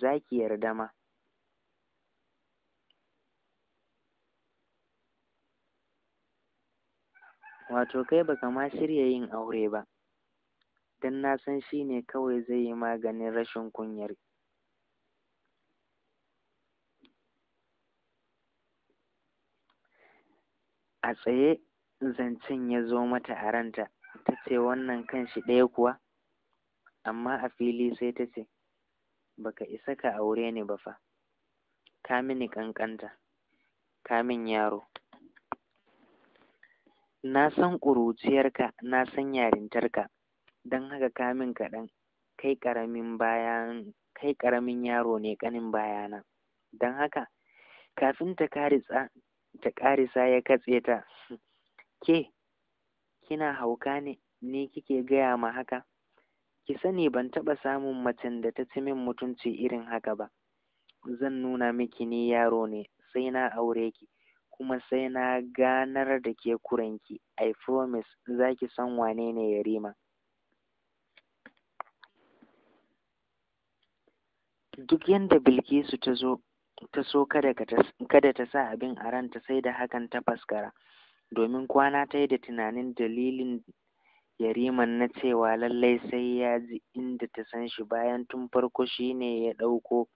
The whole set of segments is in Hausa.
za ki yarda ma wato kai baka ma shirya yin aure ba don na san shi ne kawai zai yi maganin rashin kunyar a tsaye zancen ya zo mata a ranta ta ce wannan kan shi ɗaya kuwa amma a fili sai ta ce baka isa ka aure ni ba fa ka mini ƙanƙanta ka min yaro na san ƙuruciyarka na san yarintarka don haka ka min kaɗan kai ƙaramin bayan kai ƙaramin yaro ne ƙanin bayana don haka kafin ta ƙarisa ta karisa ya katse ta ke kina hauka ne ni kike gaya ma haka ki sani ban taɓa samun macen da ta ci min mutunci irin haka ba zan nuna miki ni yaro ne sai na aure ki kuma sai na ganar da ke kuranki i promise za ki san wane ne yarima duk yadda bilkisu ta zo ta so kada ta sa abin a ranta sai da hakan ta faskara domin kwana ta yi da tunanin dalilin Yariman na cewa lallai sai ya ji inda ta san shi bayan tun farko shi ne ya ɗauko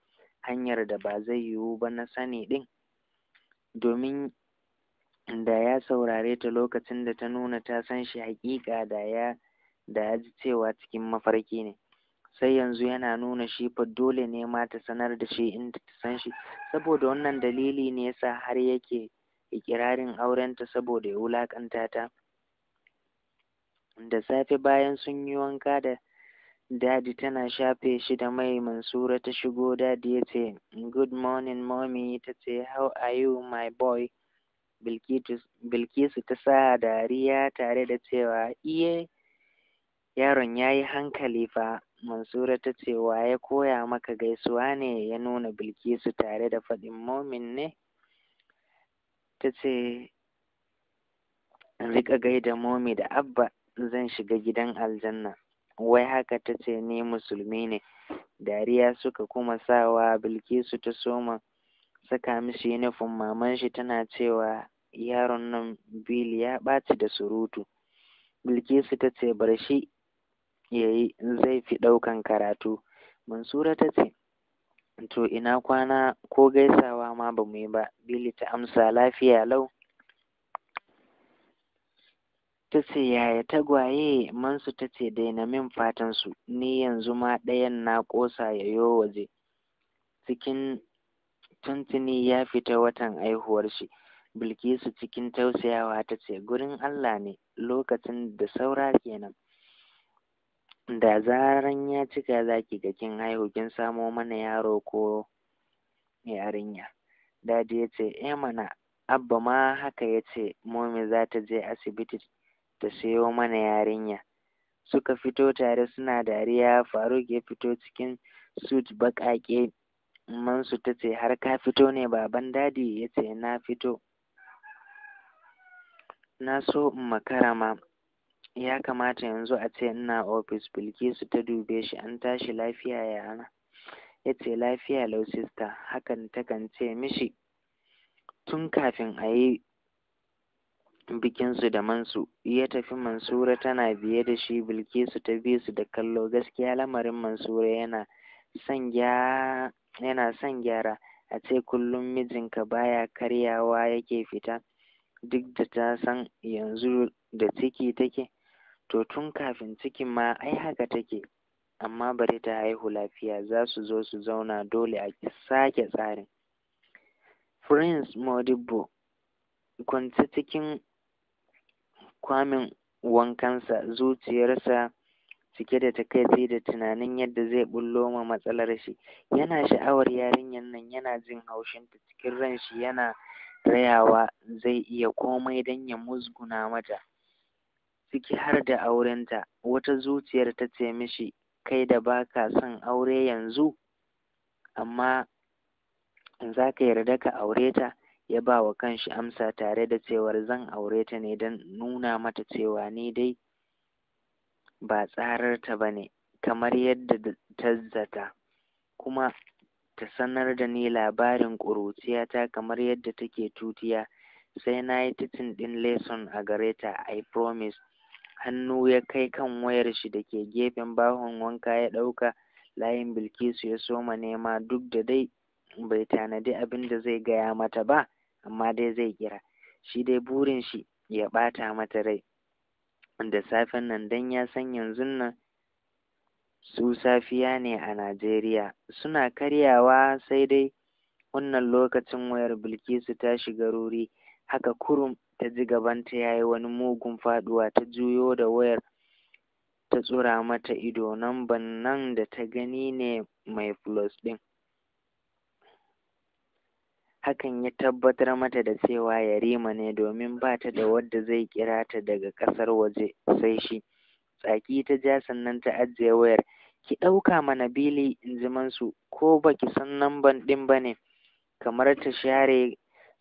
hanyar da ba zai yiwu ba na sani ɗin. Domin da ya saurare ta lokacin da ta nuna ta san shi haƙiƙa da ya da ya ji cewa cikin mafarki ne. Sai yanzu yana nuna shi fa dole ne ma ta sanar da shi inda ta san shi, saboda wannan dalili ne ya sa har yake iƙirarin aurenta saboda ya wulaƙanta ta. da safe bayan sun yi wanka da dadi tana shafe shi da mai mansura ta shigo dadi ya ce good morning mommy ta ce how are you my boy bilkisu ta sa dariya tare da cewa iye yaron ya yi hankali fa mansura ta ce wa ya koya maka gaisuwa ne ya nuna bilkisu tare da faɗin momin ne ta ce in riƙa gaida momi da abba zan shiga gidan aljanna wai haka ta ce ni musulmi ne dariya suka kuma sawa bilkisu ta soma saka mishi yunifom maman shi tana cewa yaron nan bil ya ɓaci da surutu bilkisu ta ce bar shi ya yi zai fi ɗaukan karatu mansura ta ce to ina kwana ko gaisawa ma ba mu yi ba bili ta amsa lafiya lau ta ce yaya tagwaye mansu ta ce daina min fatan su ni yanzu ma ɗayan na ƙosa ya yo waje cikin tuntuni ya fita watan aihuwar shi bilkisu cikin tausayawa ta ce gurin allah ne lokacin da saura kenan da zaran ya cika zaki ga kin haihu kin samo mana yaro ko yarinya dadi ya ce eh mana abba ma haka ya ce momi za ta je asibiti ta sayo mana yarinya suka fito tare suna dariya faruk ya fito cikin suit baƙaƙe mansu ta ce har ka fito ne baban dadi ya ce na fito na so in makarama ya kamata yanzu a ce ina ofis bilkisu ta dube shi an tashi lafiya yana ya ce lafiya lau sista hakan takan ce mishi tun kafin a yi bikinsu da mansu ya tafi mansura tana biye da shi bilkisu ta bi su da kallo gaskiya lamarin mansura yana son yana san gyara a ce kullum mijinka baya karyawa yake fita duk da ta san yanzu da ciki take to tun kafin cikin ma ai haka take amma bari ta haihu lafiya za su zo su zauna dole a sake tsarin prince modibo kwanci cikin kwamin wankansa zuciyarsa cike da takaici da tunanin yadda zai bullo ma matsalar shi yana sha'awar yarinyar nan yana jin haushin ta, cikin ran shi yana rayawa zai iya komai dan ya musguna mata ciki har da aurenta wata zuciyar ta ce mishi kai da baka son aure yanzu amma za ka yarda ka aure ta ya ba wa kanshi amsa tare da cewar zan aure ta ne don nuna mata cewa ni dai ba tsarar ta ba ne kamar yadda ta zata kuma ta sanar da ni labarin ƙuruciyata kamar yadda take tutiya sai na yi titin ɗin lesson a gare ta i promise hannu ya kai kan wayar shi da ke gefen bahon wanka ya ɗauka layin bilkisu ya soma nema duk da dai bai tanadi abin da zai gaya mata ba amma dai zai kira shi dai burin shi ya ɓata mata rai da safen nan dan ya san yanzun nan su safiya ne a Najeriya suna karyawa sai dai wannan lokacin wayar Bilkisu ta shiga ruri haka kurum ta ji gabanta ya yi wani mugun faduwa ta juyo da wayar ta tsura mata ido nan ban nan da ta gani ne mai plus ɗin hakan ya tabbatar mata da cewa yarima ne domin ba ta da wadda zai kira ta daga ƙasar waje sai shi tsaki ta ja sannan ta ajiye wayar ki ɗauka mana bili in ji mansu ko ba ki san namban ɗin ba ne kamar ta share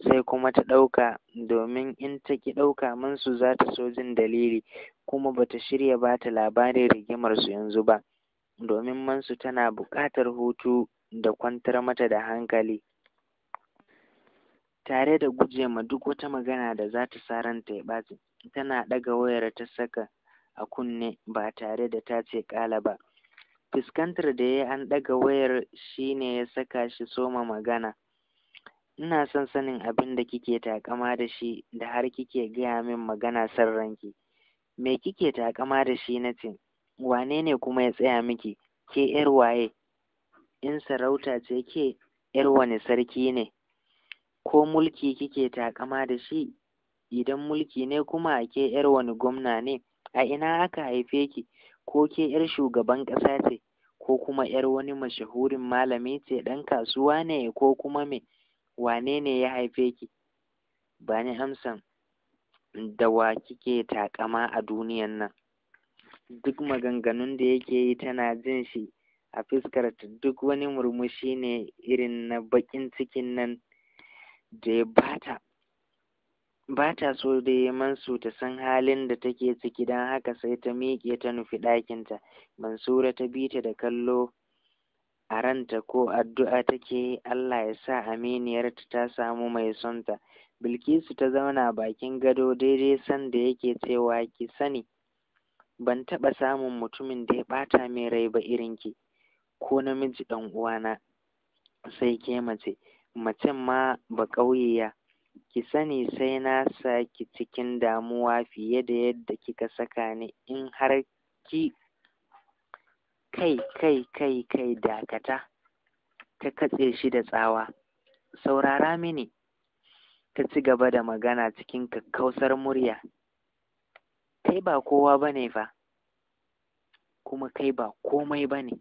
sai kuma ta ɗauka domin in ta ki ɗauka mansu za ta so jin dalili kuma ba ta shirya ba ta labarin rigimar su yanzu ba domin mansu tana buƙatar hutu da kwantar mata da hankali tare da guje ma duk wata magana da za ta sa ranta ya ɓaci tana ɗaga wayar ta saka a kunne ba tare da ta ce ƙala ba fuskantar da ya an ɗaga wayar shi ne ya saka shi soma magana ina son sanin abin da kike taƙama da shi da har kike gaya min magana son ranki me kike taƙama da shi na ce wane ne kuma ya tsaya miki ke yar waye in sarauta ce ke yar wane sarki ne ko mulki kike takama da shi idan mulki ne kuma ke yar wani gwamna ne a ina aka haife ki ko ke yar shugaban ƙasa ce ko kuma yar wani mashahurin malami ce ɗan kasuwa ne ko kuma me wane ne ya haife ki Bani ni amsan da wa kike takama a duniyan nan duk maganganun da yake yi tana jin shi a fuskarta duk wani murmushi ne irin na baƙin cikin nan da ya bata ba ta so da ya mansu ta san halin da take ciki don haka sai ta miƙe ta nufi ɗakinta mansura ta bi ta da kallo a ranta ko addu'a take Allah ya sa aminiyarta ta samu mai sonta bilkisu ta zauna bakin gado daidai sanda yake cewa ki sani ban taɓa samun mutumin da ya ɓata min rai ba irinki ko namiji ɗan uwana sai ke mace macen ma ba ƙauye ya ki sani sai na saki cikin damuwa fiye da yadda kika saka ni in har ki kai kai kai kai dakata ta katse shi da tsawa saurara mini ta ci gaba da magana cikin kakkausar murya kai ba kowa ba ne fa kuma kai ba komai ba ne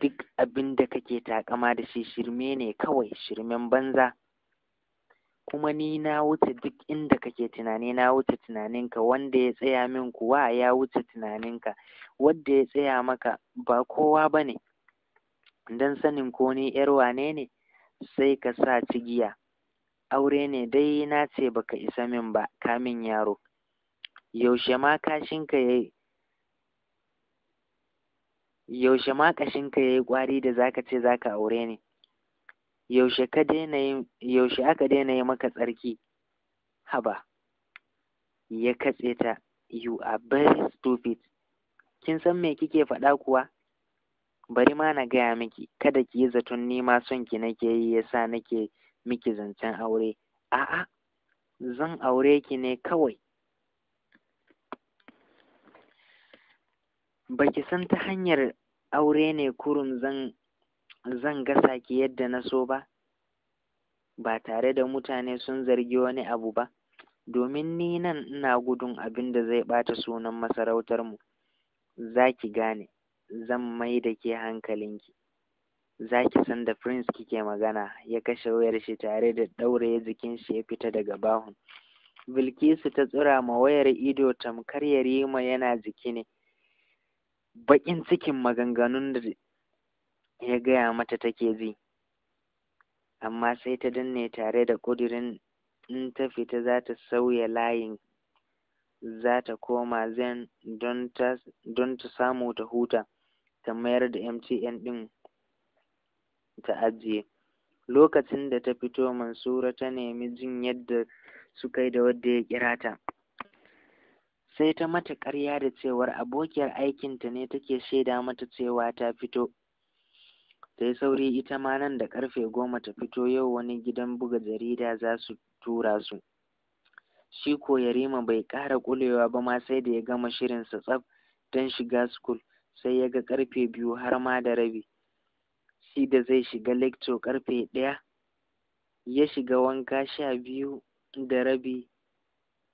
duk abin da kake takama da shi shirme ne kawai shirmen banza kuma ni na wuce duk inda kake tunani na wuce tunaninka wanda ya tsaya min kuwa ya wuce tunaninka wanda ya tsaya maka ba kowa ba ne don sanin ko ni ‘yar wane ne sai ka sa cigiya aure ne dai na ce baka isa min ba kamin yaro yaushe ma kashinka ya yi. yaushe ma ƙashinka ya yi ƙwari da zaka ce zaka aure ni yaushe aka daina yi maka tsarki haba ya katse ta you are very stupid kin san me kike faɗa kuwa bari ma na gaya miki kada ki yi zaton ni ma son ki nake yi yasa nake miki zancen aure a'a zan aure ki ne kawai baki san ta hanyar aure ne kurum zan zan gasa ki yadda na so ba ba tare da mutane sun zargi wani abu ba domin ni nan ina gudun abin da zai ɓata sunan masarautarmu za ki gane zan mai da ke hankalinki za ki san da prince kike magana ya kashe wayar shi tare da ɗauraye jikin shi ya fita daga bahun bilkisu ta tsura ma wayar ido tamkar yarima yana jiki ne baƙin cikin maganganun da ya gaya mata take ji amma sai ta danne tare da ƙudurin in ta fita za ta sauya layin za ta koma zen don ta samu ta huta ta mayar da mtn ɗin ta ajiye lokacin da ta fito mansura ta nemi jin yadda suka yi da wadda ya kira ta sai ta mata ƙarya da cewar abokiyar aikinta ne take shaida mata cewa ta fito ta yi sauri ita ma nan da ƙarfe goma ta fito yau wani gidan buga jarida za su tura su shi ko yarima bai ƙara ƙulewa ba ma sai da ya gama shirinsa tsaf don shiga school sai ya ga ƙarfe biyu har ma da rabi shi da zai shiga lecture ƙarfe ɗaya ya shiga wanka sha biyu da rabi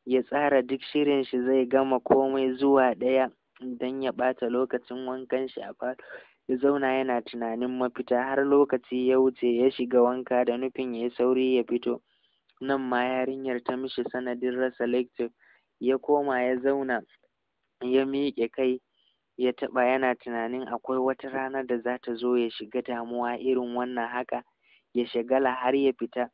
ya tsara duk shirin shi zai gama komai zuwa ɗaya don ya ɓata lokacin wankan shi a fa ya zauna yana tunanin mafita har lokaci ya wuce ya shiga wanka da nufin ya yi sauri ya fito nan ma yarinyar ta mishi sanadin rasa lecture ya koma ya zauna ya miƙe kai ya taɓa yana tunanin akwai wata rana da za ta zo ya shiga damuwa irin wannan haka ya shagala har ya fita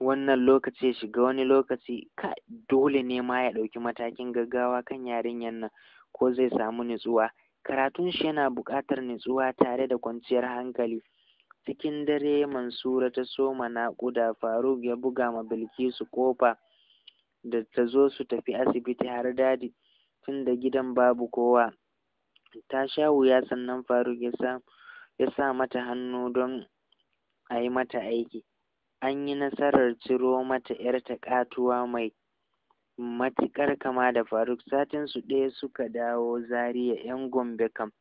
wannan lokaci ya shiga wani lokaci ka dole ne ma ya ɗauki matakin gaggawa kan yarinyar nan ko zai samu nutsuwa karatun shi yana buƙatar nutsuwa tare da kwanciyar hankali cikin dare mansura ta soma naƙuda faruk ya buga ma bilkisu ƙofa da ta zo su tafi asibiti har dadi tunda gidan babu kowa ta sha wuya sannan faruk ya sa ya sa mata hannu don a yi mata aiki an yi nasarar ciro mata ‘yarta ƙatuwa mai matuƙar kama da Faruk satin su ɗaya suka dawo Zaria ‘yan Gombe kam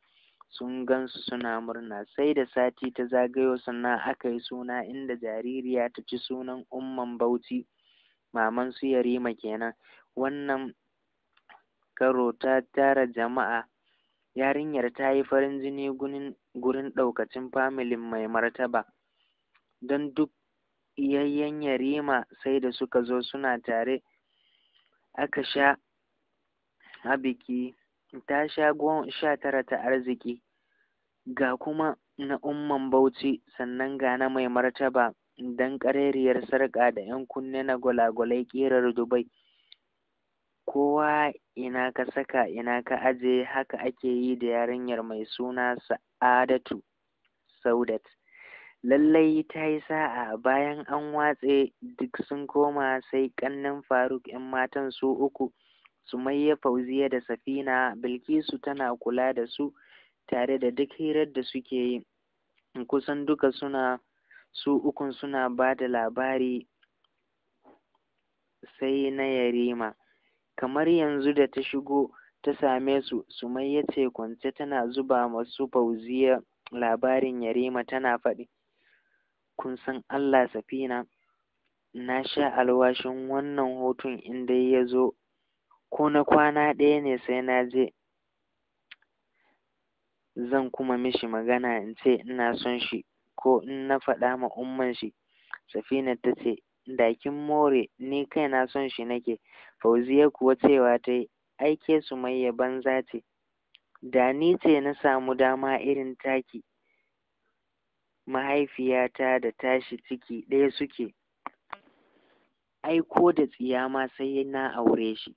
sun gansu suna murna sai da sati ta zagayo sannan aka yi suna inda jaririya ta ci sunan umman Bauchi maman su Yarima kenan wannan karo ta tara jama'a yarinyar ta yi farin jini gurin ɗaukacin familin mai martaba don duk yayyen yarima sai da suka zo suna tare aka sha a biki ta sha goma sha tara ta arziki ga kuma na umman bauchi sannan ga na mai martaba dan ƙarerriyar sarƙa da 'yan kunne na gwalagwalai ƙirar dubai kowa ina ka saka ina ka aje haka ake yi da yarinyar mai suna sa'adatu saudat lallai ta yi sa'a bayan an watse duk sun koma sai ƙannen faruk 'yan matan su uku su maye fauziya da safina bilkisu tana kula da su tare da duk hirar da suke yi kusan duka suna su ukun suna ba da labari sai na yarima kamar yanzu da ta shigo ta same su sumayya ce kwance tana zuba masu fauziya labarin yarima tana faɗi kun san Allah safina na sha alwashin wannan hoton in dai ya zo ko na kwana ɗaya ne sai na je zan kuma mishi magana in ce ina son shi ko in na faɗa ma umman shi safina ta ce da kin more ni kai na son shi nake fauziya kuwa cewa ta yi aike su mai banza ce da ni ce na samu dama irin taki mahaifiyata da tashi ciki ɗaya suke Aiko da tsiya ma sai na aure shi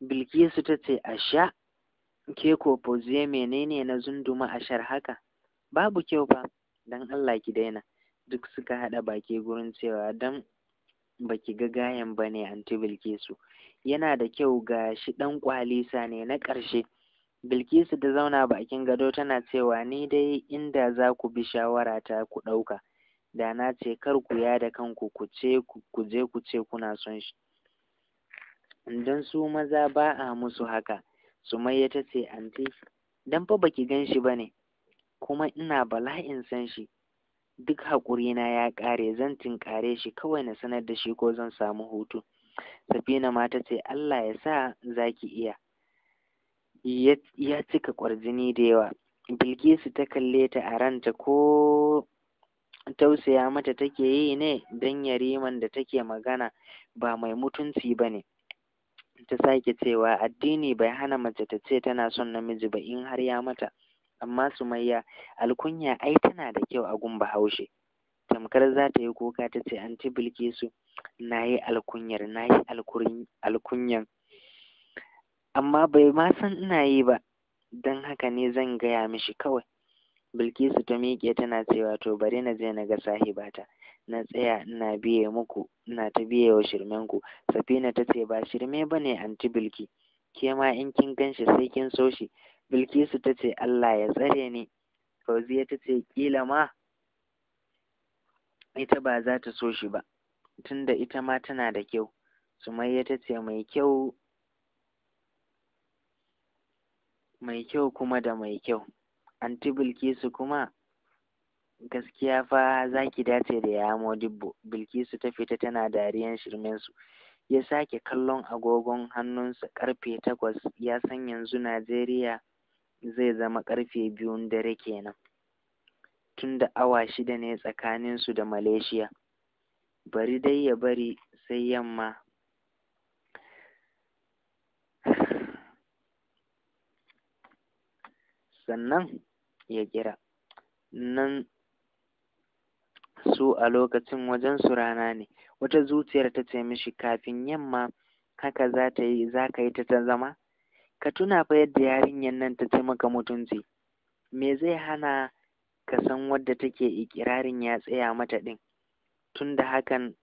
bilkisu ta ce a sha ke ko menene na zunduma a shar haka babu kyau ba, don allah ki daina duk suka haɗa baki gurin cewa don baki ga gayan ba ne anti bilkisu yana da kyau ga shi ɗan kwalisa ne na ƙarshe Bilkisu ta zauna bakin gado tana cewa ni dai inda za ku bi shawara ta ku ɗauka, da na ce kar ku ya da kanku ku ce ku je ku ce kuna son shi. Don su maza ba a musu haka, Sumayya ta ce anti, dan fa baki gan shi ba ne, kuma ina bala'in san shi, duk na ya ƙare zan tinƙare shi kawai na sanar da shi ko zan samu hutu. Safina ma ta ce Allah ya sa za ki iya. ya cika kwarjini da yawa bilkisu ta kalle ta a ranta ko tausaya mata take yi ne don yariman da take magana ba mai mutunci ba ne ta sake cewa addini bai hana mace ta ce tana son namiji ba in har ya mata amma sumayya alkunya ai tana da kyau a gun bahaushe tamkar za ta yi kuka ta ce an ci bilkisu na yi alkunyar na yi alkunyan amma bai ma san ina yi ba don haka ne zan gaya mishi kawai bilkisu ta miƙe tana cewa to bari na je na ga sahibata na tsaya ina biye muku ina ta biye wa shirmen ku safina ta ce ba shirme ba ne anti bilki ke ma in kin gan shi sai kin so shi bilkisu ta ce allah ya tsare ni fauziya ta ce kila ma ita ba za ta so shi ba tunda ita ma tana da kyau sumayya ta ce mai kyau mai kyau kuma da mai kyau anti bilkisu kuma gaskiya fa za ki dace da ya modibbo bilkisu ta fita tana dariyan shirminsu. ya sake kallon agogon hannunsa karfe takwas ya san yanzu najeriya zai zama karfe biyun dare kenan tunda awa shida ne tsakaninsu da malaysia bari dai ya bari sai yamma sannan ya kira nan su a lokacin wajen su rana ne wata zuciyar ta ce mishi kafin yamma haka za ta yi za ka yi ta ta zama ka tuna fa yadda yarinyar nan ta taimaka mutunci me zai hana ka san wadda take iƙirarin ya tsaya mata ɗin da hakan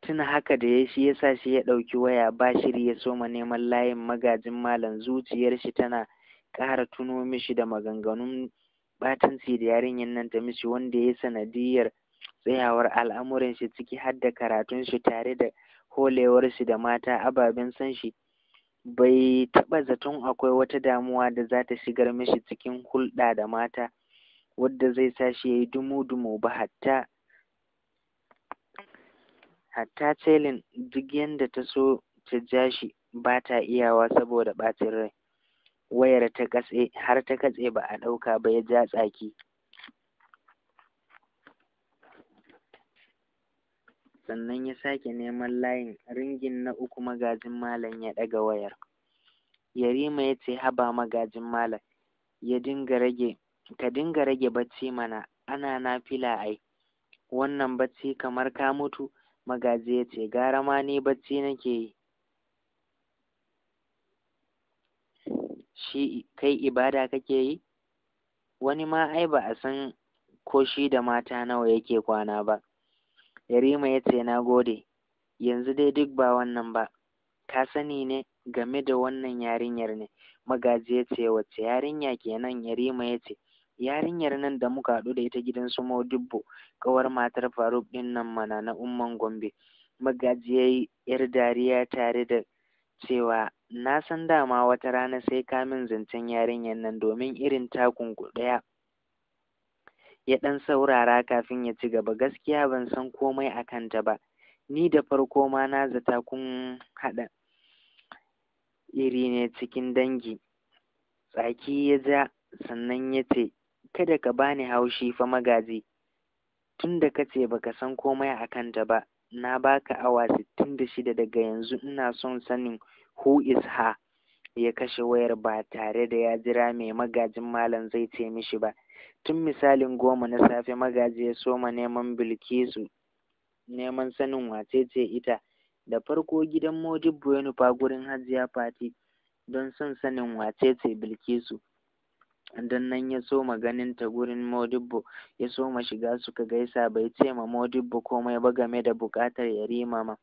tuna haka da ya shi ya sa shi ya ɗauki waya ba shiri ya soma neman layin magajin malam zuciyar shi tana ƙara tuno mishi da maganganun batanci da yarinyar nan ta mishi wanda ya yi sanadiyar tsayawar al'amuran shi ciki har da karatun shi tare da holewar shi da mata ababen san shi bai taɓa zaton akwai wata damuwa da za ta shigar mishi cikin hulɗa da mata wadda zai sa shi ya yi dumu-dumu ba hatta hatta celin duk yadda ta so ta ja shi ba ta iyawa saboda ɓacin rai wayar ta katse har ta katse ba a ɗauka ba ya ja tsaki sannan ya sake neman layin ringin na uku magajin malam ya ɗaga wayar yarima ya ce haba magajin malam ya dinga rage ka dinga rage bacci mana ana na fila ai wannan bacci kamar ka mutu magaji ya ce gara ma ni bacci nake yi shi kai ibada kake yi wani ma ai ba a san ko shi da mata nawa yake kwana ba yarima ya ce na gode yanzu dai duk ba wannan ba ka sani ne game da wannan yarinyar ne magaji ya ce wacce yarinya kenan yarima ya ce yarinyar nan da muka haɗu da ita gidan su modibbo kawar matar faruk ɗin nan mana na umman gombe magaji ya yi yar dariya tare da cewa na san dama wata rana sai ka min zancen yarinyar nan domin irin takun ku ɗaya ya ɗan saurara kafin ya ci gaba gaskiya ban san komai a kanta ba ni da farko ma na zata kun haɗa iri ne cikin dangi tsaki ya ja sannan ya ce kada ka bani haushi fa magaji tun da ka ce baka san komai a kanta ba na baka awa sittin da shida daga yanzu ina son sanin who is her ya kashe wayar ba tare da ya jira mai magajin malam zai ce mishi ba tun misalin goma na safe magaji ya soma neman bilkisu neman sanin wace ce ita da farko gidan modibbo ya nufa gurin hajiya fati don son sanin wace ce bilkisu Idan nan ya soma ganin ta gurin Modibbo ya ma shiga suka gaisa bai ce ma Modibbo komai ba game da bukatar ya ma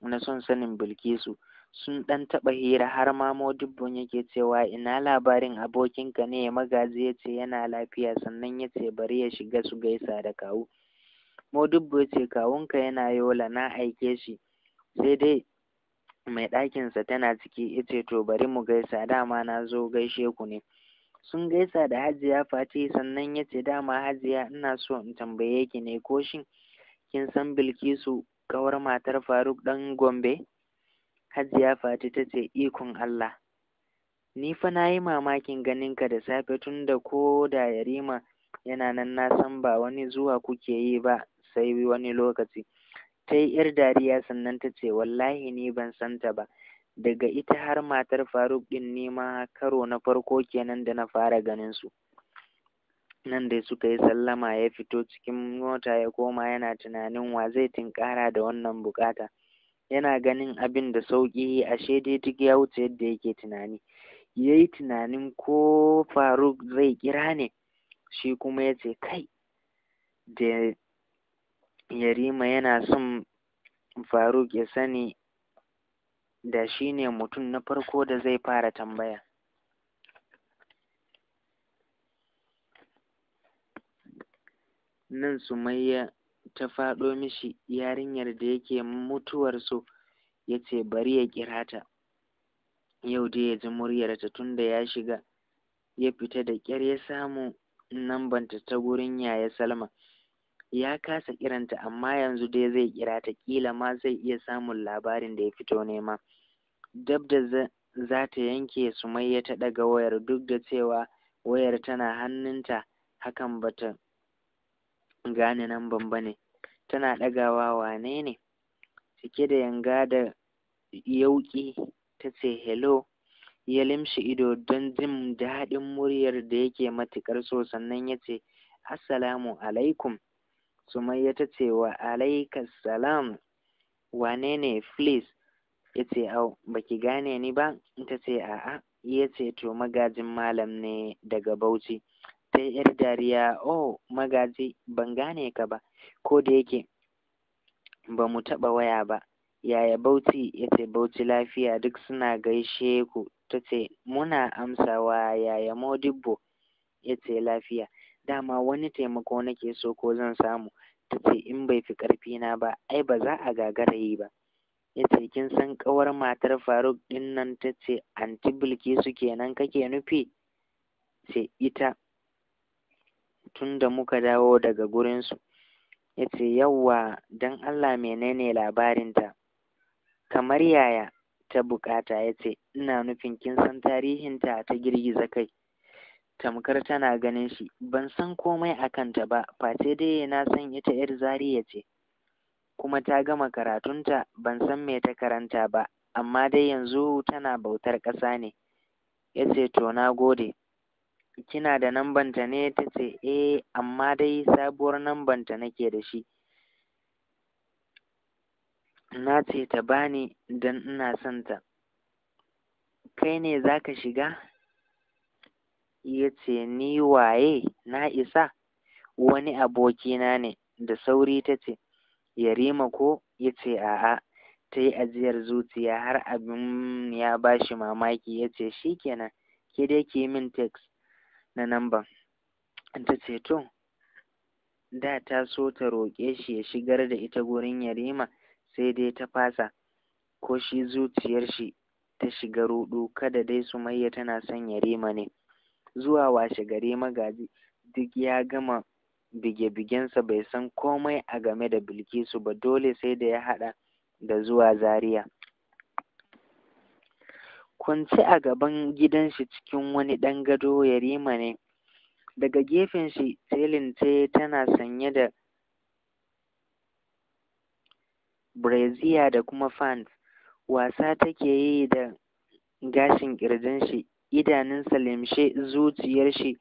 na son sanin Bilkisu sun ɗan taɓa hira har ma modibbo yake cewa ina labarin abokinka ne magazi ya ce yana lafiya sannan ya ce bari ya shiga su gaisa da kawu Modibbo ya ce kawunka yana yola na aike shi sai dai mai ɗakinsa tana ciki ya ce to bari mu gaisa dama na zo gaishe ku ne sun gaisa da hajiya fati sannan ya ce dama hajiya ina so in tambaye ki ne ko shin kin san bilkisu kawar matar faruk ɗan gombe hajiya fati ta ce ikon allah ni fa na yi mamakin ganinka da safe tun da ko da yarima yana nan na san ba wani zuwa kuke yi ba sai wani lokaci ta yi yar dariya sannan ta ce wallahi ni ban santa ba daga ita har matar Faruk ɗin ne ma karo na farko kenan da na fara ganin su. Nan dai suka yi sallama ya fito cikin mota ya koma yana tunanin wa zai tinkara da wannan bukata. Yana ganin abin da sauki ashe dai duk ya wuce yadda yake tunani. Ya yi tunanin ko Faruk zai kira ne, shi kuma ya ce kai da Yarima yana son Faruk ya sani da shi ne mutum na farko da zai fara tambaya nan sumayya ta faɗo mishi yarinyar da yake mutuwar so ya ce bari ya kira ta yau dai ya ji muryarta tun da ya shiga ya fita da ƙyar ya samu nambanta ta gurin yaya salma ya kasa kiranta amma yanzu dai zai kira ta kila ma zai iya samun labarin da ya fito nema dab da za ta yanke sumayya ta daga wayar duk da cewa wayar tana hannunta hakan bata gane nan bamba ne tana ɗagawa wane ne cike da yanga da yauƙi ta ce hello ya limshi ido don jin daɗin muryar da yake matukar so sannan ya ce assalamu alaikum sumayya ta ce wa 'Alaika salam wane ne flis ya ce au baki gane ni ba ta ce a'a ya ce to magajin malam ne daga bauchi ta yar dariya oh magaji ban gane ka ba ko da yake ba mu taɓa waya ba yaya bauchi ya ce bauchi lafiya duk suna gaishe ku ta ce muna amsawa yaya modibbo ya ce lafiya dama wani taimako nake so ko zan samu ta ce in bai fi na ba ai ba za a gagara yi ba ya ce kin san ƙawar matar faruk ɗin nan ta ce anti bilkisu kenan kake nufi ce ita tun da muka dawo daga gurinsu ya ce yawwa don allah menene labarinta kamar yaya ta bukata ya ce ina nufin kin san tarihinta ta girgiza kai tamkar tana ganin shi ban san komai a kanta ba face dai na san ita yar zariya ce kuma ta gama karatunta ban san me ta karanta ba amma dai yanzu tana bautar ƙasa ne ya ce to na gode kina da nambanta ne ta ce eh amma dai sabuwar nambanta nake da shi na ce ta bani don ina son ta kai ne za ka shiga ya ce ni waye na isa wani abokina ne da sauri ta ce yarima ko ya ce a'a ta yi ajiyar zuciya har abin ya ba shi mamaki ya ce shi kenan ke dai ki min text na namban ta ce to da ta so ta roƙe shi ya shigar da ita gurin yarima sai dai ta fasa ko shi zuciyar shi ta shiga ruɗu kada dai sumayya tana son yarima ne zuwa washegari magaji duk ya gama bige-bigensa bai san komai a game da bilkisu ba dole sai da ya haɗa da zuwa zaria kwance a gaban gidan shi cikin wani ɗan gado yarima ne daga gefen shi telin ce tana sanye da breziya da kuma fans wasa take yi da gashin ƙirjin shi idanunsa limshe zuciyar shi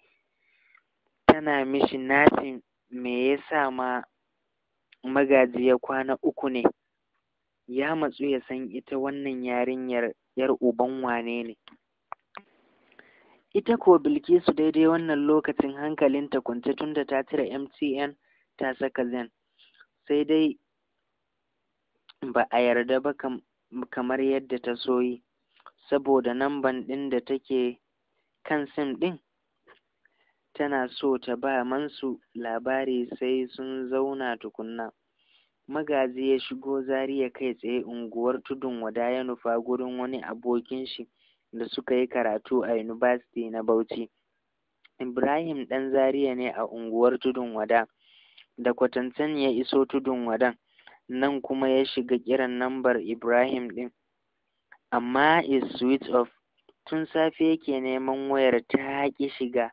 tana mishi Nati me yasa ma magaji ya kwana uku ne ya matsu ya san ita wannan yarinyar yar uban wane ne ita ko bilkisu daidai wannan lokacin hankalinta kwance tunda ta cire mtn ta saka zen sai dai ba a yarda ba kamar yadda ta so yi saboda namban ɗin da take kan sim ɗin tana so ta ba Mansu labari sai sun zauna tukunna. magazi ya shigo Zariya kai tsaye unguwar tudun wada ya nufa gurin wani abokin shi da suka yi karatu a University na Bauchi. Ibrahim ɗan Zariya ne a unguwar tudun wada, da kwatantan ya iso tudun wadan, nan kuma ya shiga kiran nambar Ibrahim ɗin. amma is switch off tun safe yake neman wayar ta ƙi shiga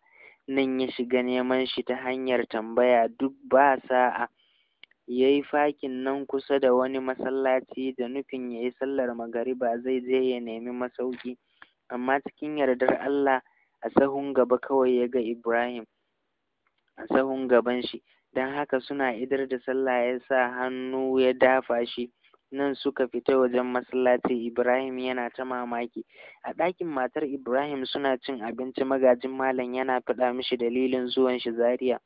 nan ya shiga neman shi ta hanyar tambaya duk ba sa'a ya yi fakin nan kusa da wani masallaci da nufin ya yi sallar magariba zai je ya nemi masauki amma cikin yardar Allah a sahun gaba kawai ya ga Ibrahim a sahun gaban shi don haka suna idar da sallah ya sa hannu ya dafa shi nan suka fita wajen masallaci Ibrahim yana ta mamaki a ɗakin matar Ibrahim suna cin abinci magajin malam yana faɗa mishi dalilin zuwan shi Zaria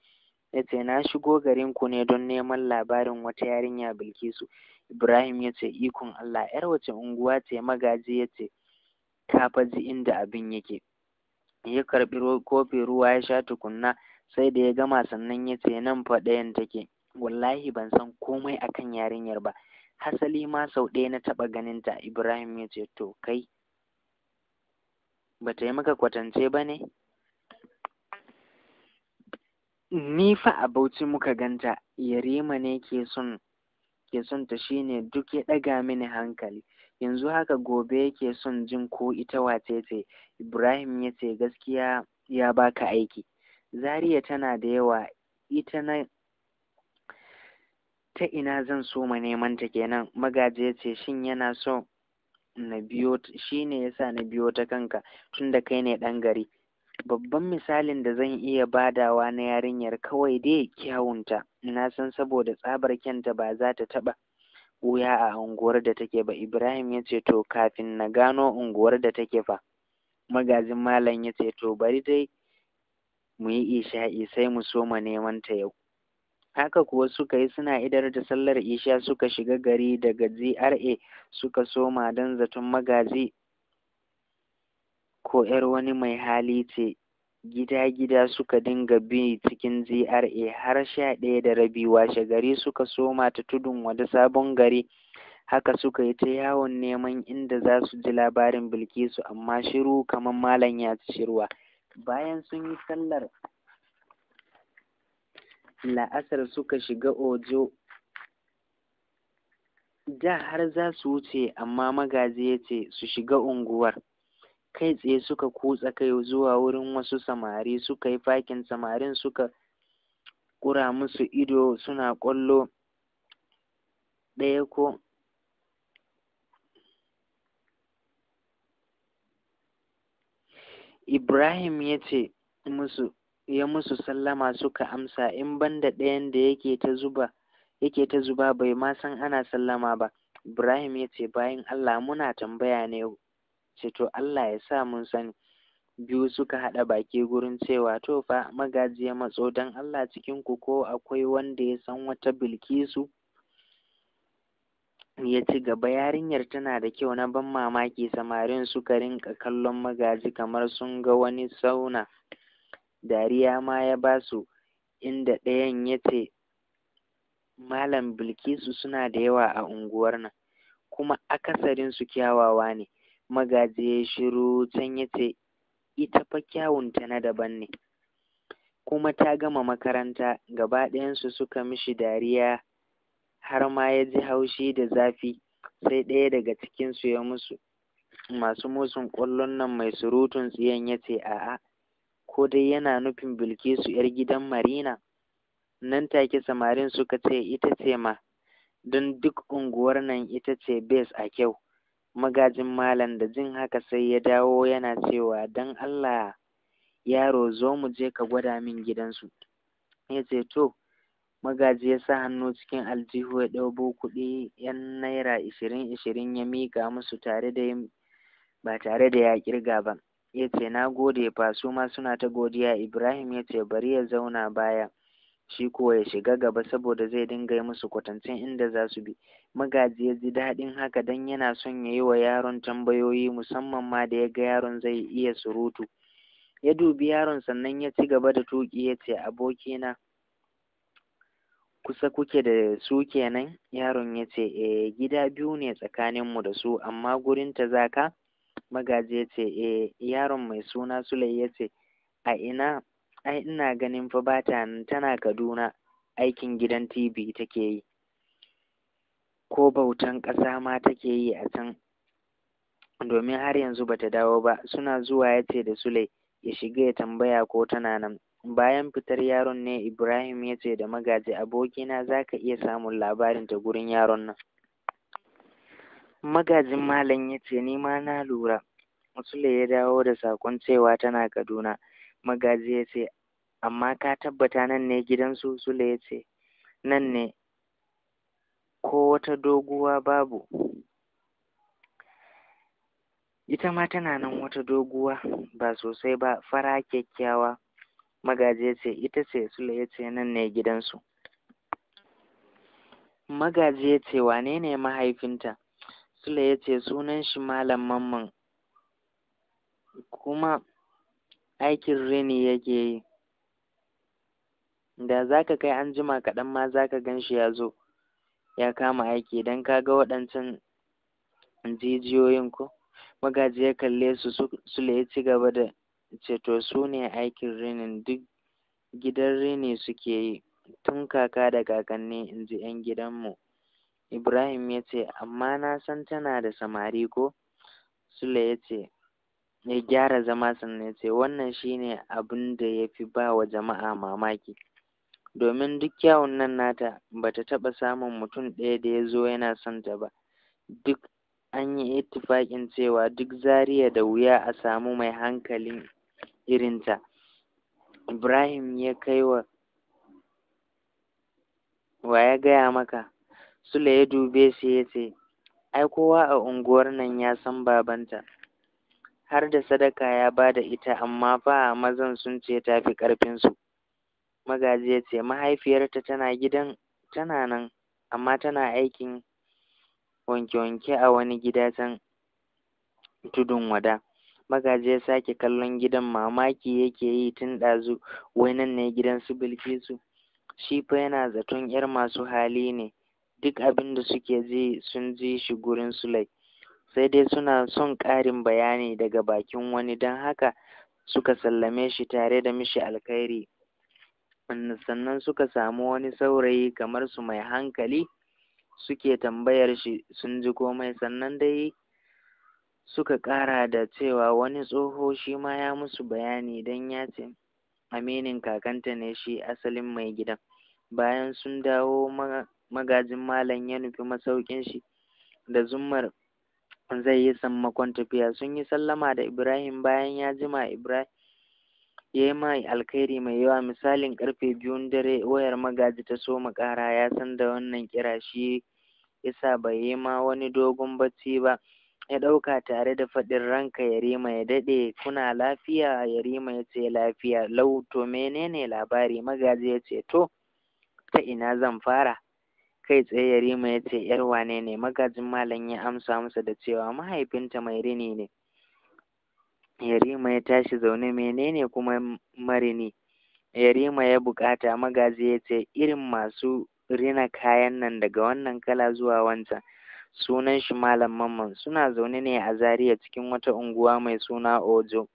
yace na shigo garin ku ne don neman labarin wata yarinya Bilkisu Ibrahim yace ikon Allah yar wace unguwa ce magaji yace ka faji inda abin yake ya karbi kofi ruwa ya sha tukunna sai da ya gama sannan yace nan fa ɗayan take wallahi ban san komai akan yarinyar ba hasali ma sau ɗaya na taɓa ganinta ibrahim ya ce to kai ba ta yi maka kwatance ba ne ni fa a bauchi muka ganta yarima ne ke son ke son ta shine duk ya ɗaga mini hankali yanzu haka gobe yake son jin ko ita wace ce ibrahim ya ce gaskiya ya baka aiki zaria tana da yawa ita na ta ina zan so ma neman ta kenan magaji ya ce shin yana so na biyo shi ne ya sa na biyo ta kanka tunda kai ne ɗan gari babban misalin da zan iya badawa na yarinyar kawai dai kyawunta na san saboda tsabar kyanta ba za ta taɓa wuya a unguwar da take ba ibrahim ya ce to kafin na gano unguwar da take fa magajin malam ya ce to bari dai mu yi isha'i sai mu soma neman ta yau haka kuwa suka yi suna idar da sallar isha suka shiga gari daga GRA suka soma don zaton magaji ko ‘yar wani mai hali ce gida-gida suka dinga bi cikin GRA har sha ɗaya da rabi washe gari suka soma ta tudun wada sabon gari haka suka yi ta yawon neman inda za su ji labarin Bilkisu amma shiru kamar malam ya shirwa bayan sun yi sallar la'asar suka shiga ojo da har za su wuce amma magaji ya ce su shiga unguwar kai tsaye suka kutsa kai zuwa wurin wasu samari suka yi fakin samarin suka kura musu ido suna kwallo ɗaya ko Ibrahim ya ce musu ya musu sallama suka amsa in banda ɗayan da yake ta zuba yake ta zuba bai ma san ana sallama ba Ibrahim ya ce bayan Allah muna tambaya ne ce to Allah ya sa mun sani biyu suka haɗa baki gurin cewa to fa magaji ya matso don Allah cikin ku ko akwai wanda ya san wata bilkisu ya ci gaba yarinyar tana da kyau na ban mamaki samarin suka rinka kallon magaji kamar sun ga wani sauna dariya ma ya ba su inda ɗayan ya ce malam bilkisu suna da yawa a unguwar nan kuma su kyawawa ne magaji ya shiru can ya ce ita fa kyawunta na daban ne kuma ta gama makaranta gaba ɗayansu suka mishi dariya har ma ya ji haushi da zafi sai ɗaya daga cikinsu ya musu masu musun ƙwallon nan mai surutun tsiyan ya ce a'a ko dai yana nufin Bilkisu ‘yar gidan Marina? Nan take samarin suka ce ita ce ma, don duk unguwar nan ita ce bes a kyau. Magajin malam da jin haka sai ya dawo yana cewa don Allah yaro zo mu je ka gwada min gidansu. Ya ce to, magaji ya sa hannu cikin aljihu ya ɗaubo kuɗi ‘yan naira ishirin ishirin ya miƙa musu tare da ba tare da ya ƙirga ba. ya ce na gode fa su ma suna ta godiya ibrahim ya ce bari ya zauna baya shi kuwa ya shiga gaba saboda zai dinga yi musu kwatancin inda za su bi magaji ya ji daɗin haka don yana son ya yi wa yaron tambayoyi musamman ma da ya ga yaron zai iya surutu ya dubi yaron sannan ya ci gaba da tuƙi ya ce abokina kusa kuke da su kenan yaron ya ce e gida biyu ne tsakaninmu da su amma gurin ta zaka Magaji ya ce, E, yaron mai suna Sulai ya ce, A ina, ai ina ganin fa ba tana Kaduna, aikin gidan TV take yi. Ko bautan ƙasa ma take yi a can, domin har yanzu ba ta dawo ba, suna zuwa ya ce da Sulai, ya shiga ya tambaya ko tana nan. Bayan fitar yaron ne Ibrahim ya ce da Magaji, abokina za ka iya samun labarinta gurin yaron nan. magajin malam ya ce ni ma na lura Sule ya dawo da sakon cewa tana Kaduna magaji ya ce amma ka tabbata nan ne gidansu Sule ya ce nan ne ko wata doguwa babu ita ma tana nan wata doguwa ba sosai ba fara kyakkyawa magaji ya ce ita ce Sule ya ce nan ne gidansu magaji ya ce wane ne mahaifinta Sule ya ce sunan shi Malam Mamman kuma aikin rini yake yi. Da za ka kai an jima kaɗan ma za ka gan shi ya zo ya kama aiki don ka ga waɗancan jijiyoyin ko? Magaji ya kalle su Sule ya ci gaba da ceto su ne aikin rinin duk gidan rini suke yi tun kaka da kakanni in ji 'yan gidanmu. Ibrahim ya ce, Amma na san tana da samari ko? Sule ya ce, Ya gyara zama sannan ya ce, Wannan shi ne abin da ya fi ba wa jama'a mamaki. Domin duk kyawun nan nata, ba ta taɓa samun mutum ɗaya da ya zo yana son ta ba. Duk an yi ittifaƙin cewa duk zariya da wuya a samu mai hankalin irinta. Ibrahim ya kai wa, wa ya gaya maka? Sule ya dube shi ya ce, Ai, kowa a unguwar nan ya san babanta, har da sadaka ya ba da ita, amma fa mazan sun ce ta fi ƙarfinsu. Magaji ya ce, Mahaifiyarta tana gidan, tana nan, amma tana aikin wanke-wanke a wani gida can tudun wada. Magaji ya sake kallon gidan mamaki yake yi tun ɗazu, wai nan ne gidan su Bilkisu. Shi fa yana zaton ‘yar masu hali ne. duk abin da suke ji sun ji shi gurin Sulai sai dai suna son ƙarin bayani daga bakin wani don haka suka sallame shi tare da mishi alkhairi sannan suka samu wani saurayi kamar su mai hankali suke tambayar shi sun ji komai sannan dai suka ƙara da cewa wani tsoho shi ma ya musu bayani don ya ce aminin kakanta ne shi asalin mai gidan bayan sun dawo magajin malam ya nufi masaukin shi da zummar zai yi sammakon tafiya sun yi sallama da ibrahim bayan ya jima ibrahim ya yi mai alkhairi mai yawa misalin karfe biyun dare wayar magaji ta soma kara ya san da wannan kira shi isa bai yi ma wani dogon bacci ba ya ɗauka tare da faɗin ranka yarima ya daɗe kuna lafiya yarima ya ce lafiya lau to menene labari magaji ya ce to ta ina zan fara kai tsaye yarima ya ce yar wane ne magajin malam ya amsa masa da cewa mahaifinta mai rini ne yarima ya tashi zaune menene kuma marini yarima ya bukata magaji ya ce irin masu rina kayan nan daga wannan kala zuwa wancan sunan shi malam mamman suna zaune ne a Zariya cikin wata unguwa mai suna ojo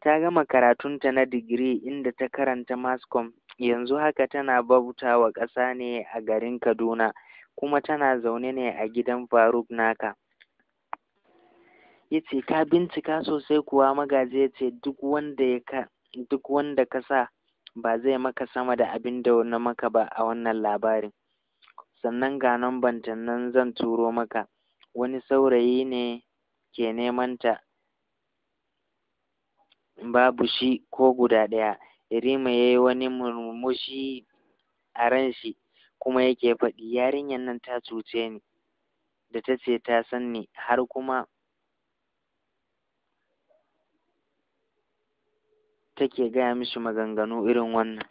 ta gama karatunta na digiri inda ta karanta mascom yanzu haka tana bauta wa ƙasa ne a garin Kaduna kuma tana zaune ne a gidan Faruk naka yace ka bincika sosai kuwa magaji yace duk wanda ya ka duk wanda ka sa ba zai maka sama da abin da na maka ba a wannan labarin sannan ga namban nan zan turo maka wani saurayi ne ke neman ta babu shi ko guda ɗaya Yarima ya yi wani murmushi a shi kuma yake faɗi, yarinyar nan ta cuce ni da ta ce ta san ni har kuma take gaya mishi maganganu irin wannan.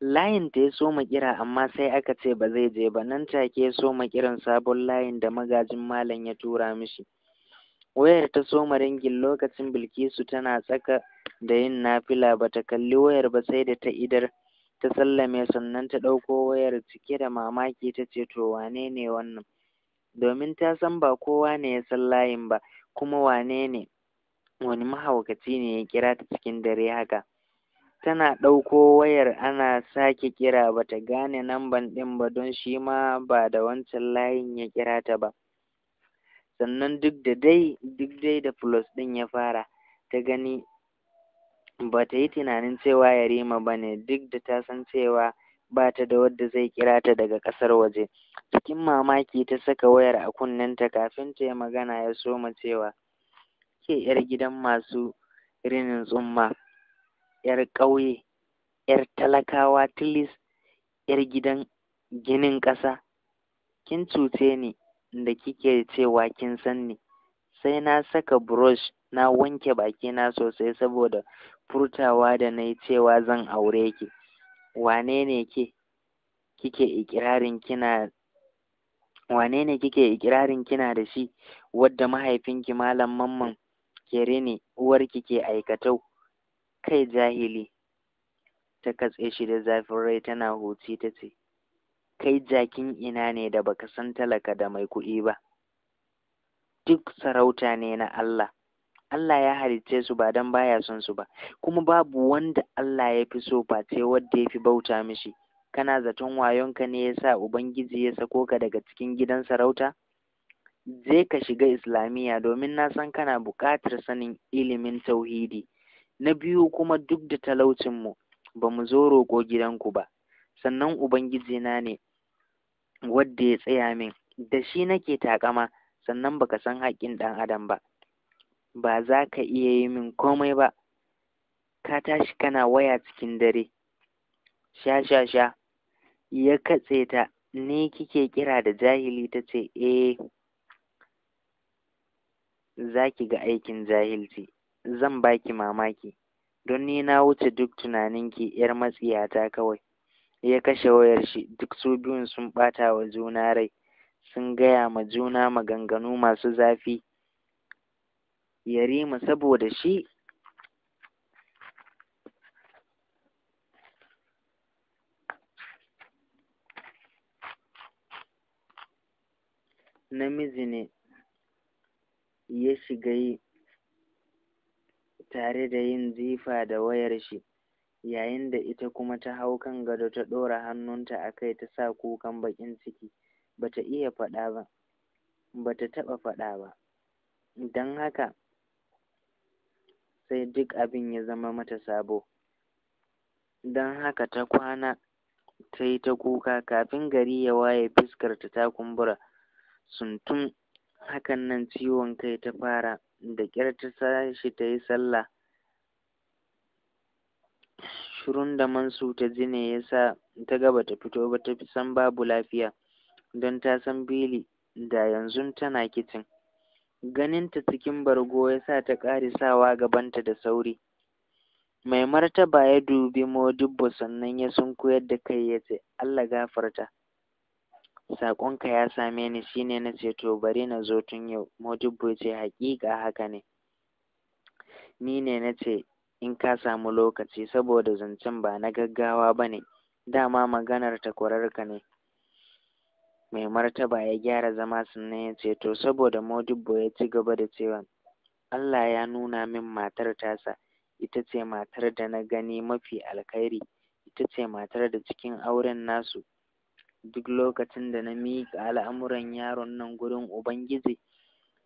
Layin ta ya soma kira amma sai aka ce ba zai je ba nan take ya soma kiran sabon layin da magajin malam ya tura mishi. wayar ta soma ringin lokacin bilkisu tana tsaka da yin nafila bata kalli wayar ba sai da ta idar ta sallame sannan ta ɗauko wayar cike da mamaki ta ce to wane ne wannan domin ta san ba kowa ne ya san layin ba kuma wane ne wani mahaukaci ne ya kira ta cikin dare haka tana ɗauko wayar ana sake kira bata gane namban ɗin ba don shi ma ba da wancan layin ya kira ta ba sannan duk da dai duk dai da plus ɗin ya fara ta gani ba ta yi tunanin cewa Yarima ba ne duk da ta san cewa ba ta da wadda zai kira ta daga ƙasar waje cikin mamaki ta saka wayar a kunnenta kafin ta yi magana ya soma cewa ke 'yar gidan masu rinin tsumma 'yar ƙauye 'yar talakawa tilis 'yar gidan ginin ƙasa kin cuce ni da kike cewa kin san ni sai na saka brush na wanke bakina sosai saboda furtawa da na yi cewa zan aure ki wane ne ke kike ikirarin kina wane ne kike ikirarin kina da shi wadda mahaifinki malam mamman ke rene uwarki ke aikatau kai jahili ta katse shi da zafin rai tana huci ta ce kai jakin ina ne da baka san talaka da mai kuɗi ba duk sarauta ne na Allah Allah ya halicce su ba don baya son su ba kuma babu wanda Allah ya fi so face wanda ya fi bauta mishi kana zaton wayonka ne yasa ubangiji ya sako ka daga cikin gidan sarauta je ka shiga islamiyya domin na san kana buƙatar sanin ilimin tauhidi na biyu kuma duk da talaucinmu ba mu zo roƙo gidanku ba sannan ubangijina ne wadda ya tsaya min da shi nake takama sannan baka san haƙƙin ɗan adam ba ba za ka iya yi min komai ba ka tashi kana waya cikin dare sha sha sha ya katse ta ni kike kira da jahili ta ce eh za ki ga aikin jahilci zan baki mamaki don ni na wuce duk tunaninki yar matsiyata kawai ya kashe wayar shi duk su biyun sun ɓata wa juna rai sun gaya ma juna maganganu masu zafi yarima saboda shi namiji ne ya shiga yi tare da yin jifa da wayar shi yayin da ita kuma ta hau kan gado ta ɗora hannunta a kai ta sa kukan baƙin ciki ba ta iya faɗa ba ba ta taɓa faɗa ba don haka sai duk abin ya zama mata sabo don haka ta kwana ta yi ta kuka kafin gari ya waye fuskarta ta kumbura tun hakan nan ciwon kai ta fara da ƙyar ta tashi ta yi sallah shirun da Mansu ta ji ne ya sa ta gaba ta fito ba ta fi san babu lafiya don ta san Bili da yanzu tana kicin. Ganinta cikin bargo ya sa ta ƙari sawa gabanta da sauri. Mai martaba ya dubi Modibbo sannan ya koyar da kai ya ce, Allah gafarta. Saƙonka ya same ni shine na ce to bari na zo tun yau. Modibbo ce haƙiƙa haka ne. Ni ne na ce in ka samu lokaci saboda zancen ba na gaggawa ba ne dama maganar ta takwararka ne mai martaba ya gyara zama sannan ya ce to saboda modibbo ya ci gaba da cewa allah ya nuna min matar tasa ita ce matar da na gani mafi alkhairi ita ce matar da cikin auren nasu duk lokacin da na miƙa al'amuran yaron nan gurin ubangiji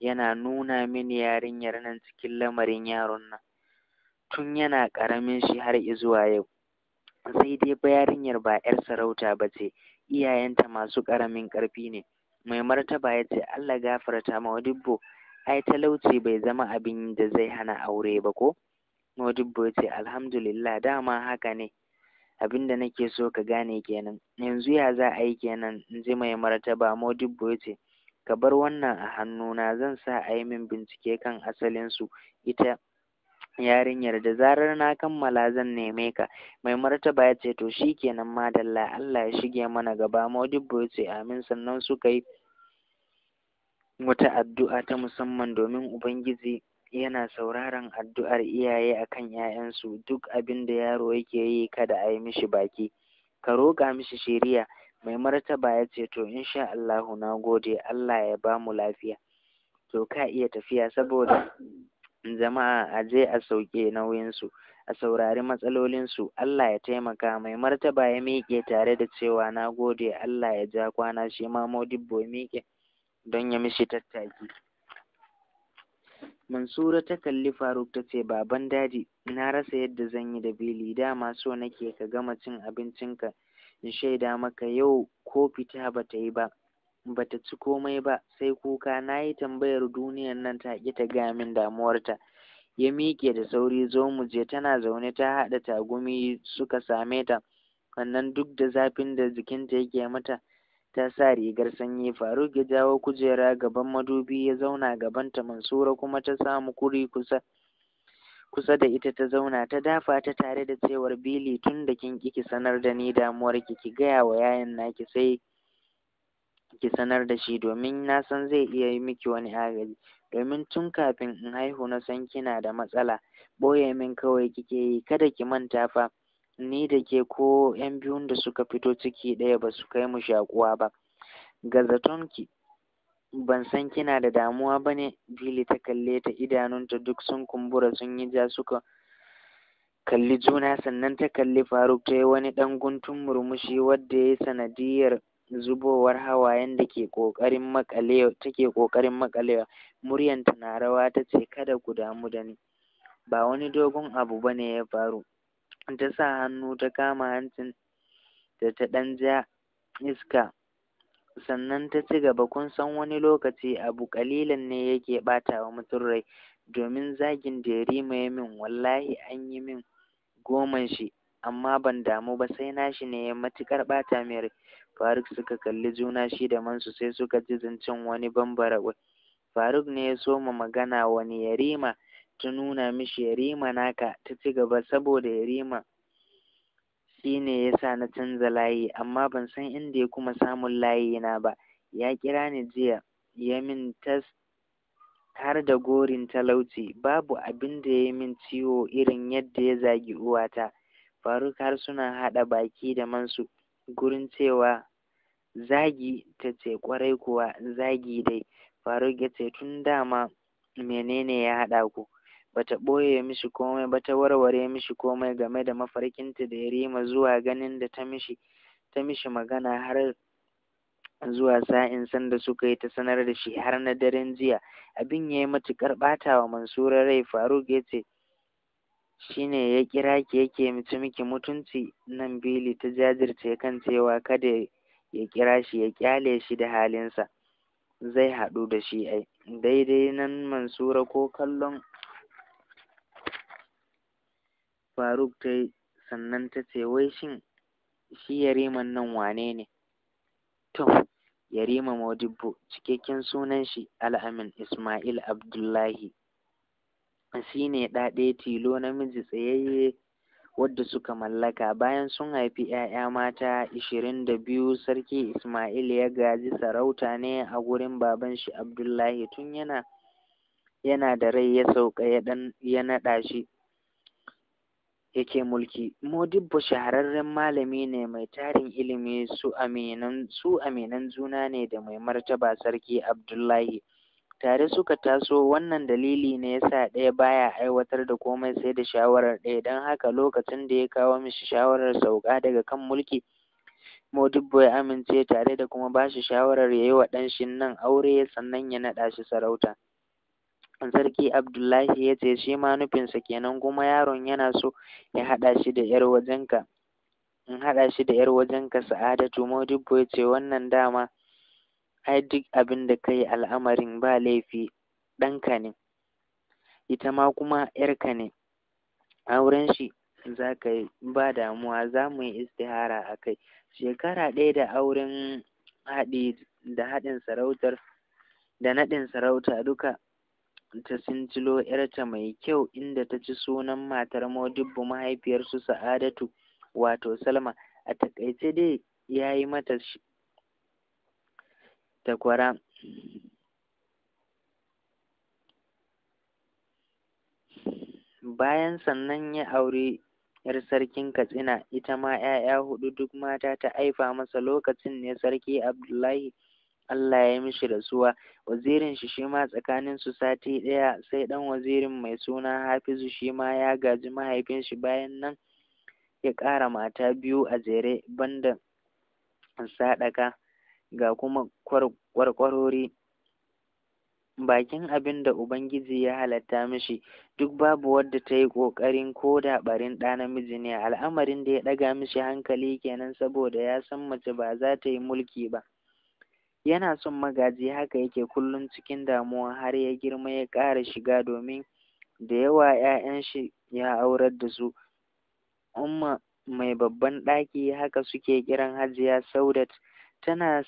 yana nuna mini yarinyar nan cikin lamarin yaron nan tun yana ƙaramin shi har izuwa yau sai dai bayarinyar ba 'yar sarauta ba ce iyayenta masu ƙaramin ƙarfi ne mai martaba ya ce allah gafarta ma wadibbo ai talauci bai zama abin da zai hana aure ba ko modibbo ya ce alhamdulillah dama haka ne abin da nake so ka gane kenan yanzu ya za a yi kenan in ji mai martaba modibbo ya ce ka bar wannan a hannuna zan sa a yi min bincike kan asalinsu ita yarinyar da zarar na kammala zan neme ka mai martaba ya ce to shikenan madalla Allah ya shige mana gaba Modibbo ya ce amin sannan suka yi wata addu'a ta musamman domin ubangiji yana sauraron addu'ar iyaye akan 'ya'yansu duk abin da yaro yake yi kada a yi mishi baki ka roƙa mishi shiriya mai martaba ya ce to insha Allahu na gode Allah ya ba mu lafiya to ka iya tafiya saboda jama'a a je a sauke nauyinsu a saurari matsalolinsu Allah ya taimaka mai martaba ya miƙe tare da cewa na gode Allah ya ja kwana shi ma Modibbo ya miƙe don ya mishi tattaki Mansura ta kalli Faruk ta ce baban daji na rasa yadda zan yi da bili dama so nake ka gama cin abincinka in shaida maka yau ko fita ba ta yi ba bata ci komai ba sai kuka nayi tambayar duniyar nan ta ƙi ta gaya min damuwarta ya miƙe da sauri zo mu je tana zaune ta haɗa tagumi suka same ta wannan duk da zafin da jikinta yake mata ta sa rigar sanyi faruk ya jawo kujera gaban madubi ya zauna gaban gabanta mansura kuma ta samu kuri kusa kusa da ita ta zauna ta dafa ta tare da cewar bili tun da kin ki sanar da ni damuwarki ki gaya wa yayan naki sai ki sanar da shi domin na san zai iya yi miki wani agaji domin tun kafin in haihu na san kina da matsala ɓoye min kawai kike yi kada ki manta fa ni da ke ko yan biyun da suka fito ciki ɗaya ba su kai mu shakuwa ba ga zaton ki ban san kina da damuwa ba ne bili ta kalle ta idanunta duk sun kumbura sun yi ja suka kalli juna sannan ta kalli faruk ta yi wani ɗan guntun murmushi wadda ya yi sanadiyar zubowar hawayen da ke ƙoƙarin maƙalewa take ƙoƙarin maƙalewa muryanta na rawa tace, kada ku damu da ni ba wani dogon abu ba ya faru ta sa hannu ta kama hancin da ta ɗan ja iska sannan ta ci gaba kun san wani lokaci abu ƙalilan ne yake ɓata mutum rai domin zagin da yarima ya min wallahi an yi min goman shi amma ban damu ba sai nashi ne ya matuƙar ɓata min rai faruk suka kalli juna shi da mansu sai suka ji zancen wani bambara faruk ne ya soma magana wani yarima ta nuna mishi yarima naka ta ci gaba saboda yarima shi ne ya sa na canza layi amma ban san inda ya kuma samun layi na ba ya kira ni jiya ya min tas har da gorin talauci babu abin da ya min ciwo irin yadda ya zagi uwata faruk har suna hada baki da mansu gurin cewa zagi ta ce kwarai kuwa zagi dai faruk ya ce tun dama menene ya haɗa ku bata ɓoye mishi komai ba ta warware mishi komai game da mafarkinta da ya rima zuwa ganin da ta mishi ta mishi magana har zuwa sa'in sanda suka yi ta sanar da shi har na daren jiya abin ya yi matuƙar ɓata wa mansurar rai faruk ya ce shine ya kira ki yake ci miki mutunci nan bili ta jajirce kan cewa kada ya kira shi ya kyale shi da halinsa zai haɗu da shi ai daidai nan Mansura ko kallon Faruk ta yi sannan ta ce wai shin shi yariman nan wane ne to yarima Modibbo cikakken sunan shi Al'amin Ismail Abdullahi shi ne ɗa tilo namiji tsayayye wadda suka mallaka bayan sun haifi ‘ya'ya mata ishirin da biyu sarki Ismail ya gaji sarauta ne a gurin baban shi Abdullahi tun yana yana da rai ya sauka ya ɗan ya naɗa shi yake mulki Modibbo shahararren malami ne mai tarin ilimi su aminan juna ne da mai martaba sarki Abdullahi tare suka taso wannan dalili ne yasa ɗaya baya aiwatar da komai sai da shawarar ɗaya don haka lokacin da ya kawo mishi shawarar sauka daga kan mulki Modibbo ya amince tare da kuma ba shi shawarar ya yi wa ɗanshin nan aure sannan ya naɗa shi sarauta sarki abdullahi ya ce shi ma nufinsa kenan kuma yaron yana so ya haɗa shi da ‘yar wajenka in haɗa shi da ‘yar wajenka sa'adatu Modibbo ya ce wannan dama ai duk abin da ka yi al'amarin ba laifi ɗanka ne ita ma kuma ‘yarka ne auren shi za ka yi ba damuwa za mu yi istihara a kai shekara ɗaya da auren haɗi da haɗin sarautar da naɗin sarauta duka ta sintilo ‘yarta mai kyau inda ta ci sunan matar Modibbo mahaifiyarsu Sa'adatu wato Salma a taƙaice dai ya yi mata takwara bayan sannan ya auri ‘yar sarkin Katsina, ita ma ‘ya'ya huɗu duk mata ta haifa masa lokacin ne sarki Abdullahi Allah ya mishi rasuwa, wazirin shi shi ma tsakanin su sati ɗaya sai ɗan wazirin mai suna Hafizu shi ma ya gaji mahaifin shi bayan nan ya ƙara mata biyu a jere banda sadaka ga kuma kwarkwarori bakin abin da Ubangiji ya halatta mishi duk babu wadda ta yi ƙoƙarin ko da ɓarin ɗa namiji ne al'amarin da ya ɗaga mishi hankali kenan saboda ya san mace ba za ta yi mulki ba yana son magaji haka yake kullum cikin damuwa har ya girma ya ƙara shiga domin da yawa 'ya'yan shi ya aurar da su umma mai babban ɗaki haka suke kiran hajiya saudat tana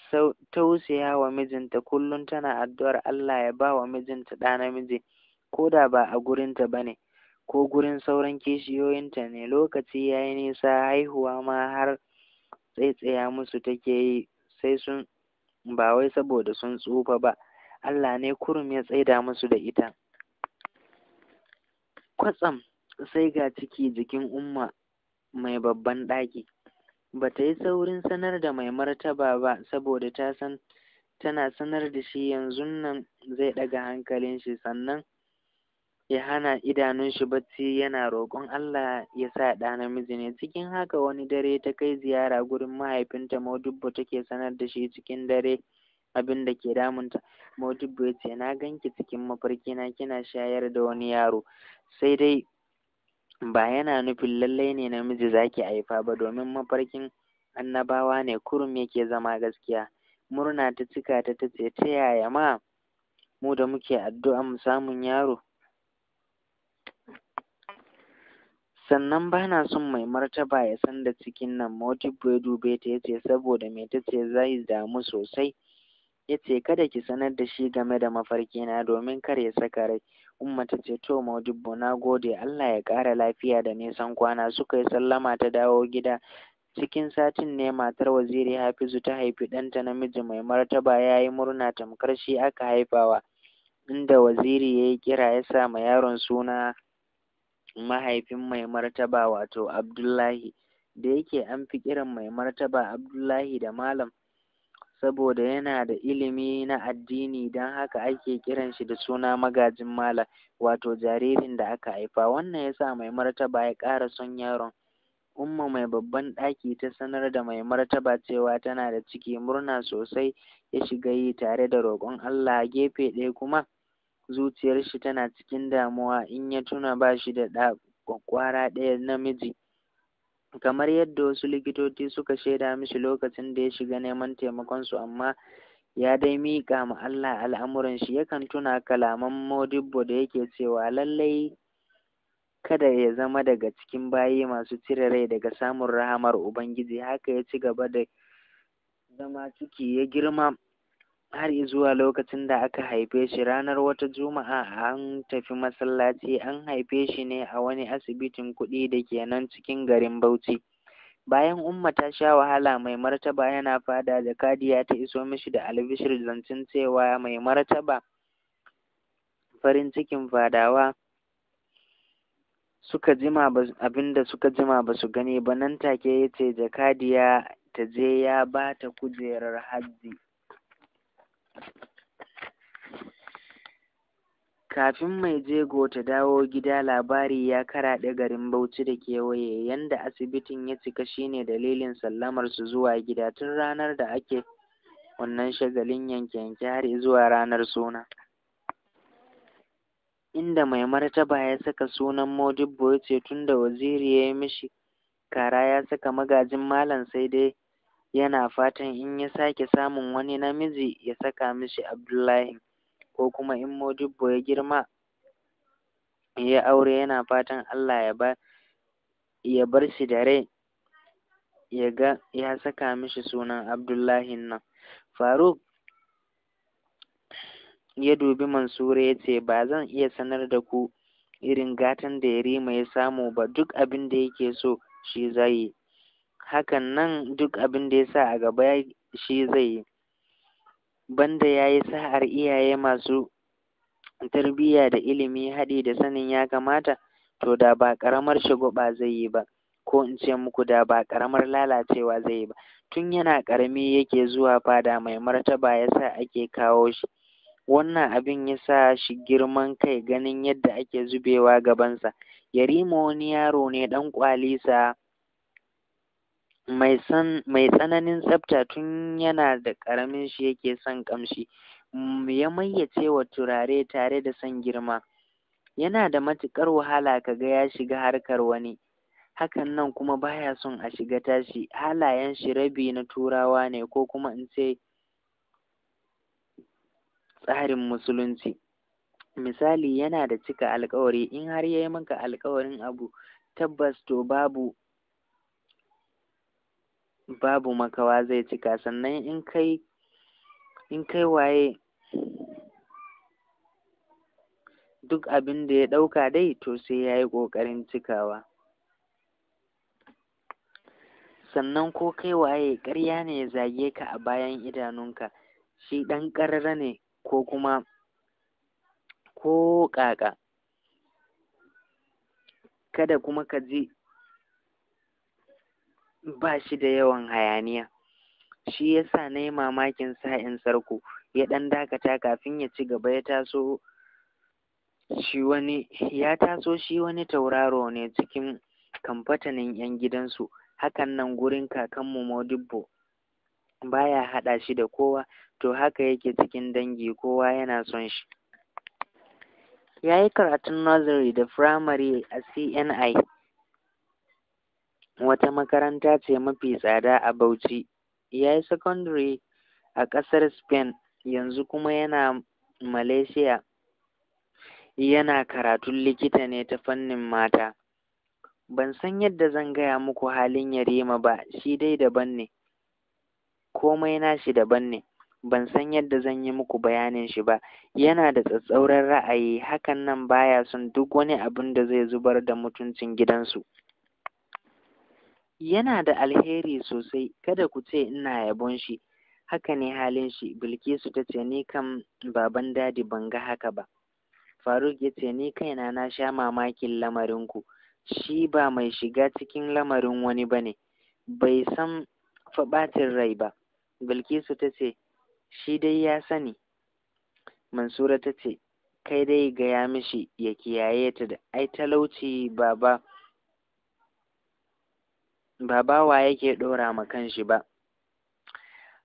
tausaya wa mijinta kullum tana addu'ar Allah ya ba wa mijinta ɗa namiji ko da ba a gurinta ba ne ko gurin sauran kishiyoyinta ne lokaci ya yi nisa haihuwa ma har tsaitsaya musu take yi sai sun ba wai saboda sun tsufa ba Allah ne kurum ya tsaida musu da ita kwatsam sai ga ciki jikin umma mai babban ɗaki ba ta yi saurin sanar da mai martaba ba saboda ta san tana sanar da shi yanzu nan zai ɗaga hankalin shi sannan ya hana idanun shi bacci yana roƙon Allah ya sa ɗa namiji ne cikin haka wani dare ta kai ziyara gurin mahaifinta Modibbo take sanar da shi cikin dare abin da ke damunta Modibbo ya ce na ganki cikin mafarki na kina shayar da wani yaro sai dai ba yana nufin lallai ne namiji zaki haifa ba domin mafarkin annabawa ne kurum yake zama gaskiya murna ta cika ta tace ta yaya ma mu da muke addu'a mu samun yaro sannan ba na son mai martaba ya san da cikin nan motif bai dube ta ya ce saboda me ta ce zai damu sosai ya ce kada ki sanar da shi game da mafarkina domin kar ya saka rai umma ta ce to maudibbo na gode allah ya ƙara lafiya da nisan kwana suka yi sallama ta dawo gida cikin satin ne matar waziri hafizu ta haifi ɗanta namiji mai martaba ya yi murna tamkar shi aka haifawa inda waziri ya yi kira ya sa ma yaron suna mahaifin mai martaba wato abdullahi da yake an fi kiran mai martaba abdullahi da malam saboda yana da ilimi na addini don haka ake kiran shi da suna magajin malam wato jaririn da aka haifa wannan yasa mai martaba ya ƙara son yaron umma mai babban ɗaki ta sanar da mai martaba cewa tana da ciki murna sosai ya shiga yi tare da roƙon Allah gefe ɗaya kuma zuciyar shi tana cikin damuwa in ya tuna ba shi da ɗa ƙwaƙwara ɗaya namiji kamar yadda wasu likitoci suka shaida mishi lokacin da ya shiga neman taimakon su amma ya dai miƙa ma Allah al'amuran shi yakan tuna kalaman Modibbo da yake cewa lallai kada ya zama daga cikin bayi masu cire rai daga samun rahamar Ubangiji haka ya ci gaba da zama ciki ya girma har zuwa lokacin da aka haife shi ranar wata juma'a an tafi masallaci an haife shi ne a wani asibitin kuɗi da ke nan cikin garin bauchi bayan umma ta sha wahala mai martaba yana fada da kadiya ta iso mishi da albishir zancen cewa mai martaba farin cikin fadawa suka jima abinda suka jima ba su gani ba nan take ya ce jakadiya ta je ya ba ta kujerar hajji kafin mai jego ta dawo gida labari ya karaɗe garin bauchi da kewaye yanda asibitin ya cika shine dalilin sallamar su zuwa gida tun ranar da ake wannan shagalin yanke yanke har zuwa ranar suna inda mai martaba ya saka sunan modibbo ya ce tunda waziri ya yi mishi kara ya saka magajin malam sai dai yana fatan in ya sake samun wani namiji ya saka mishi Abdullahi ko kuma in Modibbo ya girma ya aure yana fatan Allah ya ba ya bar shi da rai ya ga ya saka mishi sunan Abdullahi nan Faruk ya dubi Mansura ya ce ba zan iya sanar da ku irin gatan da Yarima ya samu ba duk abin da yake so shi zai hakan nan duk abin da ya sa a gaba shi zai yi banda ya yi sa'ar iyaye masu tarbiyya da ilimi haɗi da sanin ya kamata to da ba ƙaramar shagwaɓa zai yi ba ko in ce muku da ba ƙaramar lalacewa zai yi ba tun yana ƙarami yake zuwa fada mai martaba ya sa ake kawo shi wannan abin ya sa shi girman kai ganin yadda ake zubewa gabansa yarima wani yaro ne ɗan ƙwalisa mai tsananin tsafta tun yana da ƙaramin shi yake son ƙamshi mm, ya mayyace wa turare tare da son girma yana da matuƙar wahala ka ga ya shiga harkar wani hakan nan kuma baya son a shiga tashi halayen shi rabi na turawa ne ko kuma in ce tsarin musulunci misali yana da cika alƙawari in har ya yi maka alƙawarin abu tabbas to babu babu makawa zai cika sannan in kai in kai waye duk abin da ya ɗauka dai to sai ya yi ƙoƙarin cikawa sannan ko kai waye ƙarya ne ya zage ka a bayan idanunka shi ɗan ƙarara ne ko kuma ko ƙaƙa kada kuma ka ji ba shi da yawan hayaniya shi yasa na yi mamakin sa'in sarko ya ɗan dakata kafin ya ci gaba ya taso shi wani ya taso shi wani tauraro ne cikin kamfatanin 'yan gidansu hakan nan gurin kakanmu modibbo baya haɗa shi da kowa to haka yake cikin dangi kowa yana son shi ya yi karatun nursery da firamare a cni wata makaranta ce mafi tsada a Bauchi. Ya yi sakandare a ƙasar Spain, yanzu kuma yana Malaysia. Yana karatun likita ne ta fannin mata. Ban san yadda zan gaya muku halin Yarima ba, shi dai daban ne. Komai nashi daban ne. Ban san yadda zan yi muku bayanin shi ba. Yana da tsatsauran ra'ayi, hakan nan baya son duk wani abin da zai zubar da mutuncin gidansu. yana da alheri sosai kada ku ce ina yabon shi haka ne halin shi bilkisu ta ce ni kam baban dadi ban ga haka ba faruk ya ce ni kaina na sha mamakin lamarinku shi ba mai shiga cikin lamarin wani ba ne bai san faɓatin rai ba bilkisu ta ce shi dai ya sani mansura ta ce kai dai gaya mishi ya kiyaye ta da ai talauci baba ba bawa yake ɗora ma kanshi ba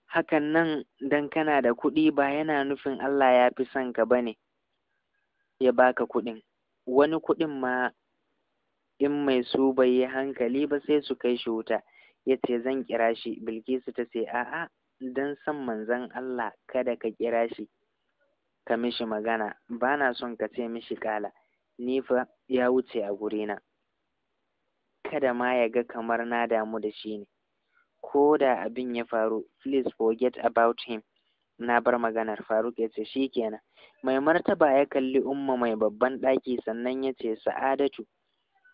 hakan nan dan kana da kuɗi ba yana nufin Allah ya fi son ka bane ya baka kuɗin wani kuɗin ma in mai su bai yi hankali ba sai su kai shi wuta ya ce zan kira shi bilkisu ta ce a'a dan san manzan Allah kada ka kira shi ka mishi magana ba na son ka ce mishi kala ni fa ya wuce a gurina kada ma ya ga kamar na damu da shi ne ko da abin ya faru please forget about him na bar maganar faruk ya ce shi kenan mai martaba ya kalli umma mai babban ɗaki sannan ya ce sa'adatu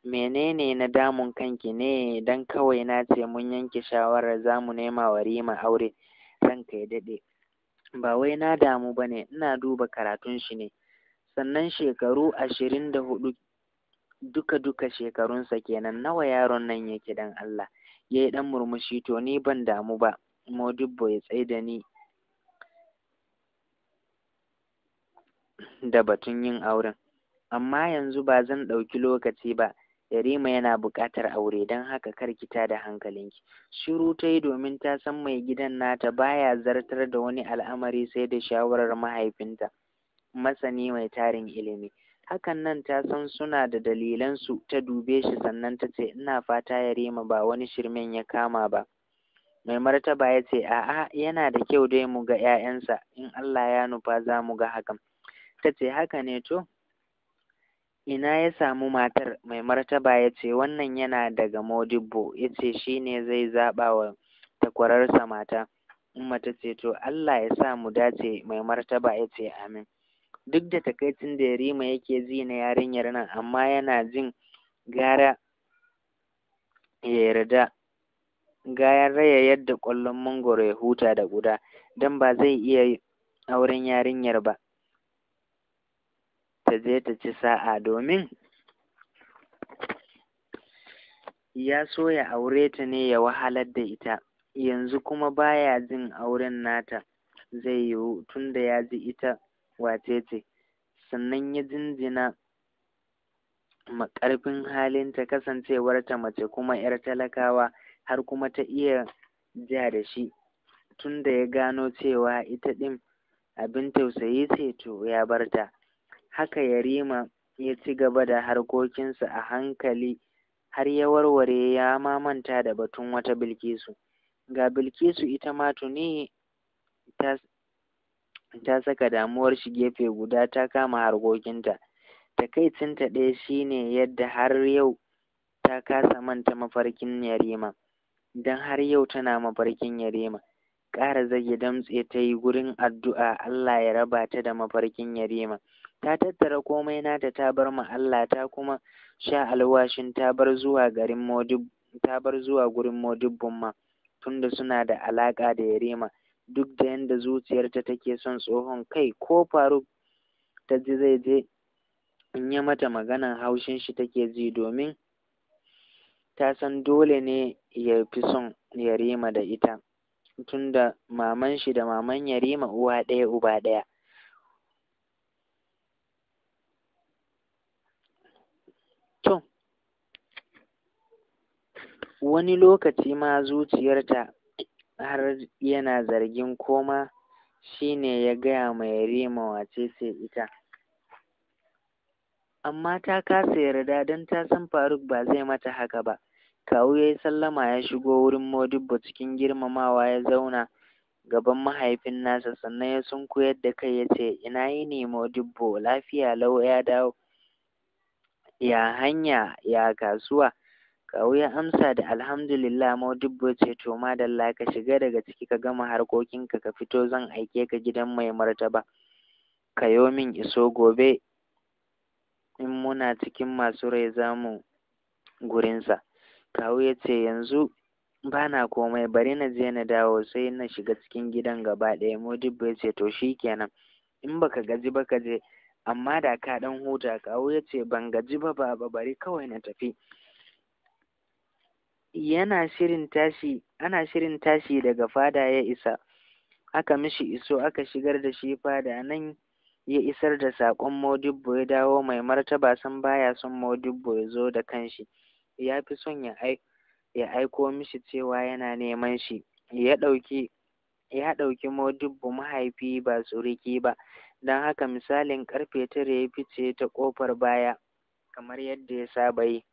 menene na damun kanki ne dan kawai na ce mun yanke shawarar za mu nema wa rima aure ranka ya daɗe ba wai na damu ba ne ina duba karatun shi ne sannan shekaru ashirin da hudu duka duka shekarunsa kenan nawa yaron nan yake dan Allah yayi dan murmushi to ni ban damu ba modibbo ya tsaye da ni da batun yin auren amma yanzu ba zan ɗauki lokaci ba Yarima yana buƙatar aure don haka kar ki da hankalinki. Shiru ta yi domin ta san mai gidan nata baya zartar da wani al'amari sai da shawarar mahaifinta, masani mai tarin ilimi. hakan nan ta san suna da dalilansu ta dube shi sannan ta ce ina fata yarima ba wani shirmen ya kama ba mai martaba ya ce a'a yana da kyau dai mu ga 'ya'yansa in allah ya nufa za mu ga hakan ta ce haka ne to ina ya samu matar mai martaba ya ce wannan yana daga modibbo ya ce shi ne zai zaɓa wa takwararsa mata umma ta ce to allah ya sa mu dace mai martaba ya ce amin duk da takaicin da Yarima yake ji na yarinyar nan amma yana jin gara ya yarda gayan raya yadda ƙwallon mangoro ya huta da guda don ba zai iya auren yarinyar ba ta je ta ci sa'a domin ya so ya aure ta ne ya wahalar da ita yanzu kuma baya jin auren nata zai yiwu tunda ya ji ita wace ce sannan ya jinjina ma ƙarfin halinta kasancewarta mace kuma 'yar talakawa har kuma ta iya ja da shi tunda ya gano cewa ita ɗin abin tausayi ce to ya barta. ta haka yarima ya ci gaba da harkokinsa a hankali har ya warware ya ma manta da batun wata bilkisu ga bilkisu ita ma tuni ta ta saka damuwar shi gefe guda ta kama harkokinta takaicinta ɗaya shine yadda har yau ta kasa manta mafarkin yarima don har yau tana mafarkin yarima ƙara zage damtse ta yi gurin addu'a Allah ya raba ta da mafarkin yarima ta tattara komai nata ta bar ma Allah ta kuma sha alwashin ta bar zuwa gurin Modibbun ma tunda suna da alaƙa da yarima duk da yanda zuciyarta take son tsohon kai ko Faruk ta ji zai je in yi mata maganan haushin shi take ji domin ta san dole ne ya fi son Yarima da ita tunda maman shi da maman Yarima uwa ɗaya uba ɗaya wani lokaci ma zuciyarta har yana zargin koma shine shi ne ya gaya ma Yarima wace ce ita. Amma ta kasa yarda don ta san Faruk ba zai mata haka ba. Kawu ya yi sallama ya shigo wurin Modibbo cikin girmamawa ya zauna gaban mahaifin nasa sannan ya koyar da kai ya ce ina ne Modibbo lafiya lau ya dawo. Ya hanya ya kasuwa Kawu ya amsa da Alhamdulillah Modibbo ya ce to madalla ka shiga daga ciki ka gama harkokinka ka fito zan aike ka gidan mai martaba. Kayo min iso gobe in muna cikin masu rai za mu gurinsa. Kawu ya ce yanzu bana komai bari na je na dawo sai na shiga cikin gidan gaba ɗaya. Modibbo ya ce to shi kenan in baka gaji ba ka je amma da ka ɗan huta. Kawu ya ce ban gaji ba baba bari kawai na tafi. yana shirin tashi ana shirin tashi daga fada ya isa aka mishi iso aka shigar da shi fada nan ya isar da saƙon modibbo ya dawo mai martaba san baya son modibbo ya zo da kanshi ya fi son ya aiko mishi cewa yana neman shi ya ɗauki ya ɗauki modibbo mahaifi ba tsuriki ba don haka misalin ƙarfe tara ya fice ta ƙofar baya kamar yadda ya saba yi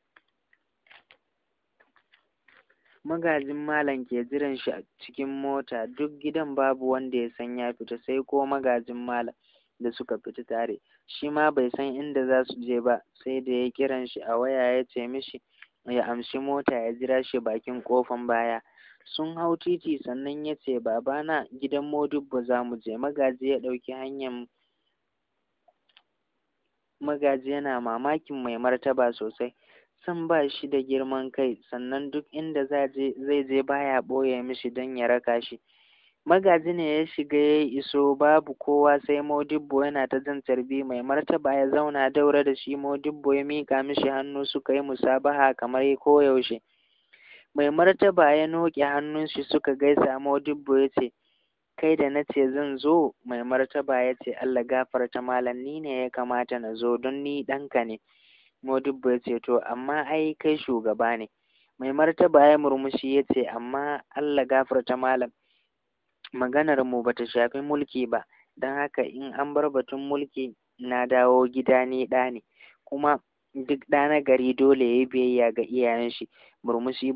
magajin malam ke jiran shi a cikin mota duk gidan babu wanda ya san ya fita sai ko magajin malam da suka fita tare shi ma bai san inda za su je ba sai da ya kiran shi a waya ya ce mishi ya amshi mota ya jira shi bakin kofan baya sun hau titi sannan ya ce babana gidan modibbo za mu je magaji ya ɗauki hanyar magaji yana mamakin mai martaba sosai san ba shi da girman kai sannan duk inda zai je baya ɓoye mishi don ya raka shi magaji ne ya shiga ya iso babu kowa sai modibbo yana ta jan tarbi mai martaba ya zauna daura da shi modibbo ya mika mishi hannu suka yi musabaha kamar koyaushe mai martaba ya noke hannun shi suka gaisa modibbo ya ce kai da na ce zan zo mai martaba ya ce allah gafarta malam ni ne ya kamata na zo don ni ɗanka ne Modibbo ya ce, To, amma ai kai shugaba ne. Mai martaba ya murmushi ya ce, Amma Allah gafarta malam, maganar mu bata shafi mulki ba, don haka in an bar batun mulki na dawo gida ni ɗa ne, kuma duk ɗa na gari dole ya yi biyayya ga iyayen shi. Murmushi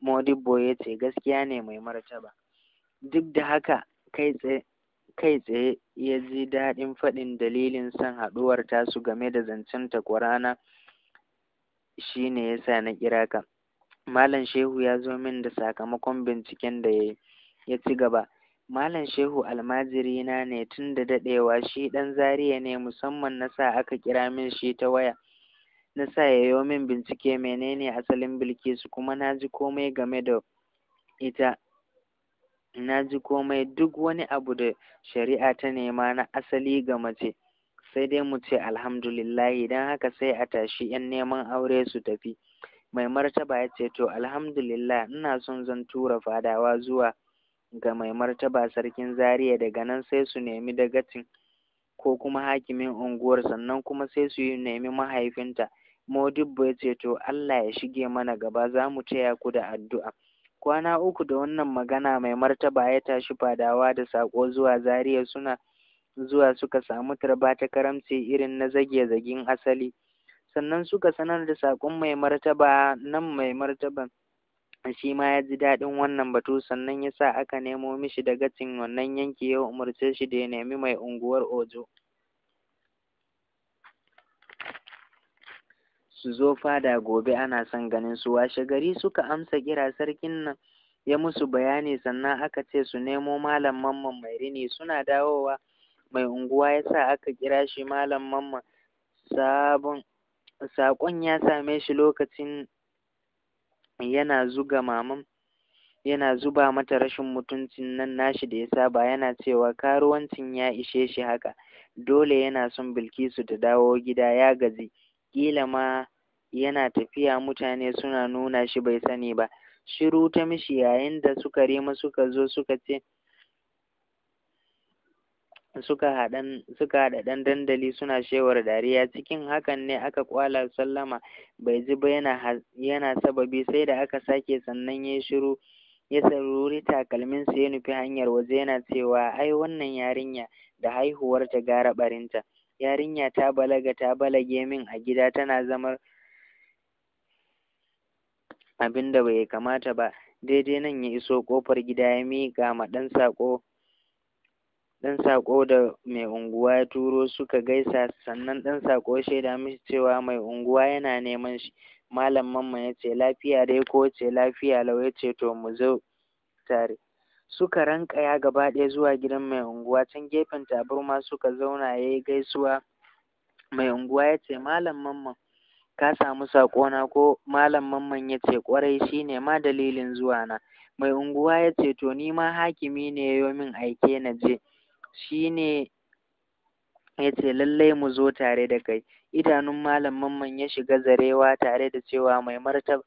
Modibbo ya ce, Gaskiya ne mai martaba. Duk da haka, kai tsaye ya ji daɗin faɗin dalilin son haɗuwar tasu game da zancen takwarana shi ne ya sa na kira ka malam shehu ya zo min da sakamakon binciken da ya ci gaba malam shehu almajirina ne tun da daɗewa shi ɗan zariya ne musamman na sa aka kira min shi ta waya na sa ya yi min bincike menene asalin bilkisu kuma na ji komai game da ita na ji komai duk wani abu da shari'a ta nema na asali ga mace sai dai mu ce alhamdulillahi don haka sai a tashi ‘yan neman aure su tafi mai martaba ya ce to alhamdulillah ina son zan tura fadawa zuwa ga mai martaba sarkin zariya daga nan sai su nemi dagacin ko kuma hakimin unguwar sannan kuma sai su yi nemi mahaifinta modibbo ya ce to allah ya shige mana gaba za mu taya ku da addu'a kwana uku da wannan magana mai martaba ya tashi fadawa da saƙo zuwa zariya suna zuwa suka samu tarba ta karamci irin na zage-zagen asali sannan suka sanar da saƙon mai martaba nan mai martaba. shi ma ya ji daɗin wannan batu sannan ya sa aka nemo mishi da gacin wannan yanki ya umarce shi da ya nemi mai unguwar ojo su zo fada gobe ana son ganin su washe gari suka amsa kira sarkin nan ya musu bayani sannan aka ce su nemo malam mamman mai rini suna dawowa mai unguwa ya sa aka kira shi malam mamman sabon saƙon ya same shi lokacin yana zuga maman yana zuba mata rashin mutuncin nan nashi da ya saba yana cewa karuwancin ya ishe shi haka dole yana son bilkisu ta dawo gida ya gaji ƙila ma yana tafiya mutane suna nuna shi bai sani ba shiru ta mishi yayin da suka rima suka zo suka ce suka haɗan suka haɗa ɗan dandali suna shewar dariya cikin hakan ne aka kwala sallama bai ji ba yana yana sababi sai da aka sake sannan ya shiru ya saruri takalminsa ya nufi hanyar waje yana cewa ai wannan yarinya da haihuwar ta gara barinta yarinya ta balaga ta balage min a gida tana zama abin da bai kamata ba daidai nan ya iso kofar gida ya miƙa ma ɗan saƙo ɗan saƙo da mai unguwa ya turo suka gaisa sannan ɗan saƙo ya shaida mishi cewa mai unguwa yana neman shi malam mamman ya ce lafiya dai ko ce lafiya lau ya ce to mu zo tare suka rankaya gaba ɗaya zuwa gidan mai unguwa can gefen tabarma suka zauna ya yi gaisuwa mai unguwa ya ce malam mamman ka samu saƙona ko malam mamman ya ce ƙwarai shi ne ma dalilin zuwa na mai unguwa ya ce to ni ma hakimi ne ya min aike na je shine ya ce lallai mu zo tare da kai idanun malam mamman ya shiga zarewa tare da cewa mai martab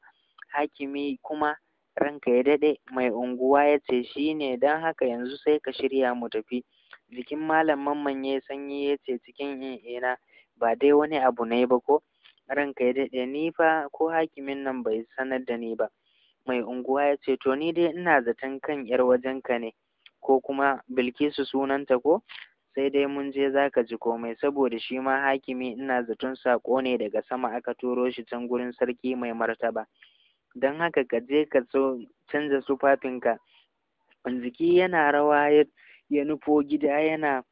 hakimi kuma ranka ya daɗe mai unguwa ya ce shi ne don haka yanzu sai ka shirya mu tafi jikin malam mamman ya sanyi ya ce cikin ina ba dai wani abu ne ba ko ranka ya daɗe ni fa ko hakimin nan bai sanar da ni ba mai unguwa ya ce to ni dai ina zaton kan yar wajenka ne ko kuma bilkisu sunanta ko sai dai mun je za ka ji komai saboda shi ma hakimi ina zaton saƙo ne daga sama aka turo shi can gurin sarki mai martaba don haka ka je ka so canza sufafinka jiki yana rawa ya nufo gida yana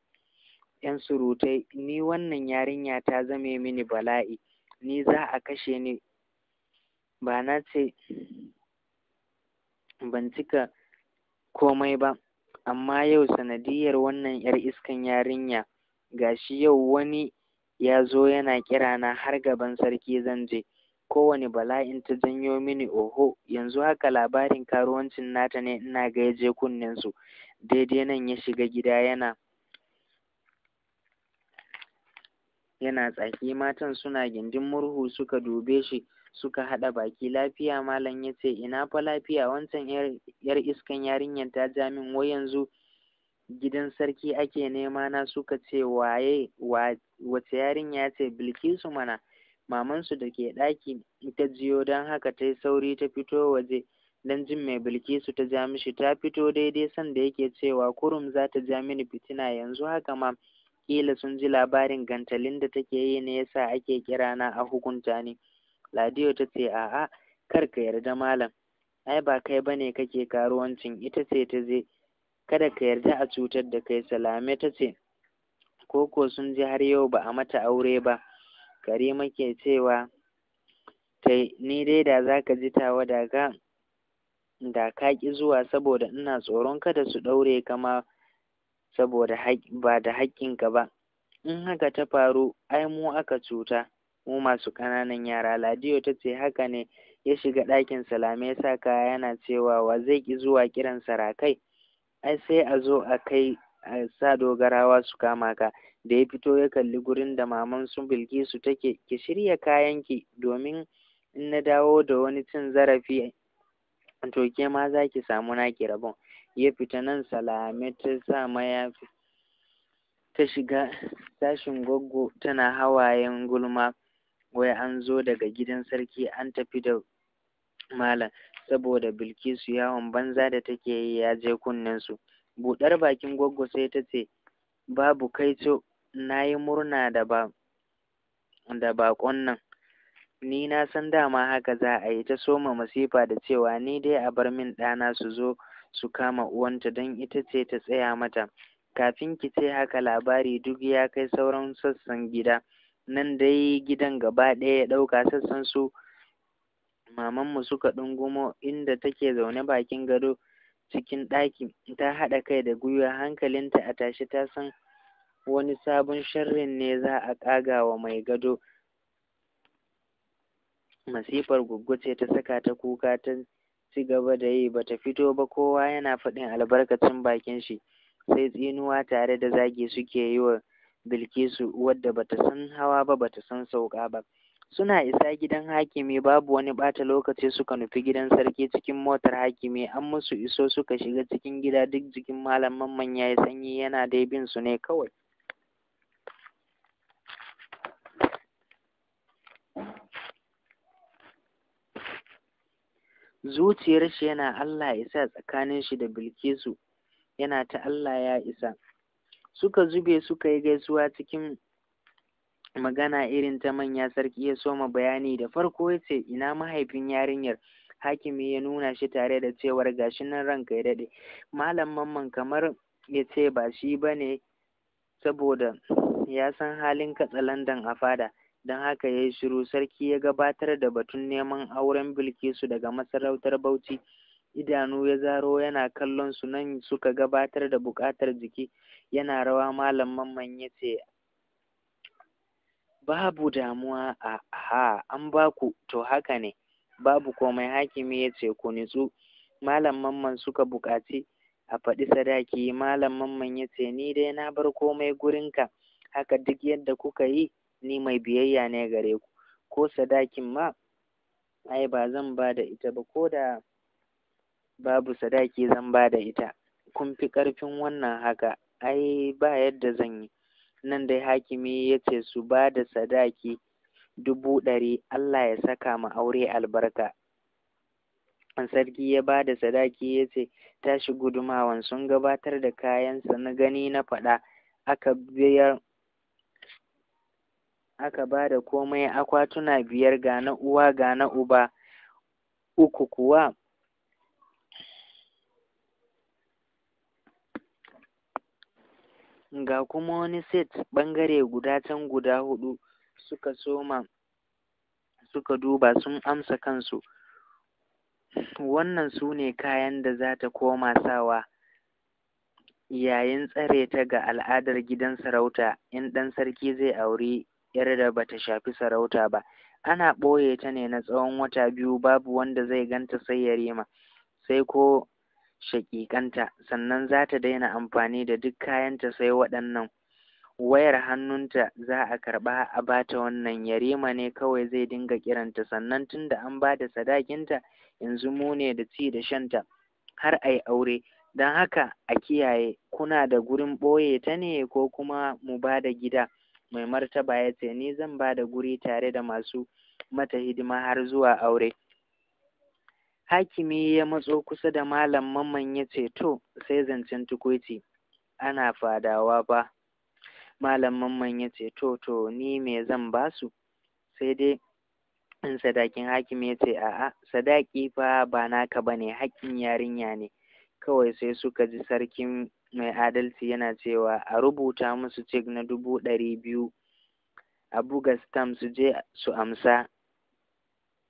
yan surutai ni wannan yarinya ta zame mini bala'i ni za a kashe ni ba na ce ban cika komai ba amma yau sanadiyyar wannan ‘yar iskan yarinya ga shi yau wani ya zo yana kira na har gaban sarki zan je kowane bala'in ta janyo mini oho yanzu haka labarin karuwancin nata ne ina ga kunnen su daidai nan ya shiga gida yana yana tsaki matan suna gindin murhu suka dube shi suka haɗa baki lafiya malam ya ce ina fa lafiya wancan yar iskan yarinyar ta ja min wai yanzu gidan sarki ake nema na suka ce waye wace yarinya ce bilkisu mana mamansu da ke ɗaki ta jiyo don haka ta sauri ta fito waje don jin mai bilkisu ta ja mishi ta fito daidai sanda yake cewa kurum za ta ja mini fitina yanzu haka ma kila sun ji labarin gantalin da take yi ne yasa ake kira na a hukunta ni Ladiyo ta ce a'a kar ka yarda malam ai ba kai bane kake karuwancin ita ce ta je kada ka yarda a cutar da kai Salame ta ce koko sun ji har yau ba a mata aure ba Karima ke cewa tai ni dai da za ka ji tawa da da ka ƙi zuwa saboda ina tsoron kada su ɗaure kama ma saboda ba da haƙƙinka ba in haka ta faru ai mu aka cuta mu masu ƙananan yara Ladiyo ta ce haka ne ya shiga ɗakin Salame ya sa kaya yana cewa wa zai ki zuwa kiran sarakai ai sai a zo a kai a sa dogarawa su kama ka da ya fito ya kalli gurin da maman su Bilkisu take ki shirya kayan ki, domin in na dawo da wani cin zarafi to ke ma za ki samu naki rabon ya fita nan Salame ta sa mayafi ta shiga tashin goggo tana hawayen gulma wai an zo daga gidan sarki an tafi da malam saboda bilkisu yawon banza da take yi ya je kunnensu buɗar bakin gwaggo sai ta ce babu kaito na yi murna da ba da bakon nan ni na san dama haka za a yi ta soma masifa da cewa ni dai a bar min ɗana su zo su kama uwanta don ita ce ta tsaya mata kafin ki ce haka labari duk ya kai sauran sassan gida nan dai gidan gaba ɗaya ya ɗauka sassan su mu suka ɗungumo inda take zaune bakin gado cikin ɗaki ta haɗa kai da gwiwa hankalinta a tashi ta san wani sabon sharrin ne za a ƙaga wa mai gado masifar goggo ce ta saka ta kuka ta ci gaba da yi bata fito ba kowa yana faɗin albarkacin bakin shi sai tsinuwa tare da zagi suke yi wa Bilkisu wadda bata san hawa ba bata san sauka ba suna isa gidan hakimi babu wani ɓata lokaci suka nufi gidan sarki cikin motar hakimi an musu iso suka shiga cikin gida duk jikin malam mamman yi sanyi yana dai bin su ne kawai zuciyar shi yana Allah ya isa tsakanin shi da Bilkisu yana ta Allah ya isa suka zube suka yi gaisuwa cikin magana irin ta manya sarki ya soma bayani da farko ya ce ina mahaifin yarinyar hakimi ya nuna shi tare da cewar gashi nan ranka ya daɗe malam mamman kamar ya ce ba shi ba ne saboda ya san halin katsalandan a fada don haka ya yi shiru sarki ya gabatar da batun neman auren bilkisu daga masarautar bauchi idanu ya zaro yana kallon su nan suka gabatar da buƙatar jiki yana rawa malam mamman ya ce babu damuwa a ha an baku to haka ne babu komai hakimi ya ce ku nitsu malam mamman suka buƙaci a faɗi sadaki malam mamman ya ce ni dai na bar komai gurinka haka duk yadda kuka yi ni mai biyayya ne gare ku ko sadakin ma ai ba zan ba da ita ba ko da babu sadaki zan ba da ita kun fi ƙarfin wannan haka ai ba yadda zan yi nan dai hakimi ya ce su ba da sadaki dubu ɗari Allah ya saka ma aure albarka sarki ya ba da sadaki ya ce tashi gudumawan sun gabatar da kayansa na gani na faɗa aka biyar aka ba da komai akwatuna biyar ga na uwa ga na uba uku kuwa ga kuma wani set ɓangare guda can guda huɗu suka soma suka duba sun amsa kansu wannan su ne kayan da za ta koma sawa yayin tsare ta ga al'adar gidan sarauta in ɗan sarki zai auri yar da bata shafi sarauta ba ana ɓoye ta ne na tsawon wata biyu babu wanda zai ganta sai yarima sai ko shaƙiƙanta sannan za ta daina amfani da duk kayanta sai waɗannan wayar hannunta za a karɓa a bata wannan yarima ne kawai zai dinga kiranta sannan tunda an ba da sadakinta yanzu mu ne da ci da shanta har a yi aure don haka a kiyaye kuna da gurin ɓoye ta ne ko kuma mu ba da gida mai martaba ya ce ni zan ba da guri tare da masu mata hidima har zuwa aure hakimi ya matso kusa da malam mamman ya ce to sai zancen tukuici ana fadawa ba malam mamman ya ce to to ni me zan ba su? sai dai in sadakin hakimi ya ce a'a sadaki fa ba naka ba ne hakkin yarinya ne kawai sai suka ji sarkin mai adalci yana cewa a rubuta musu cik na dubu ɗari biyu a buga stam su je su amsa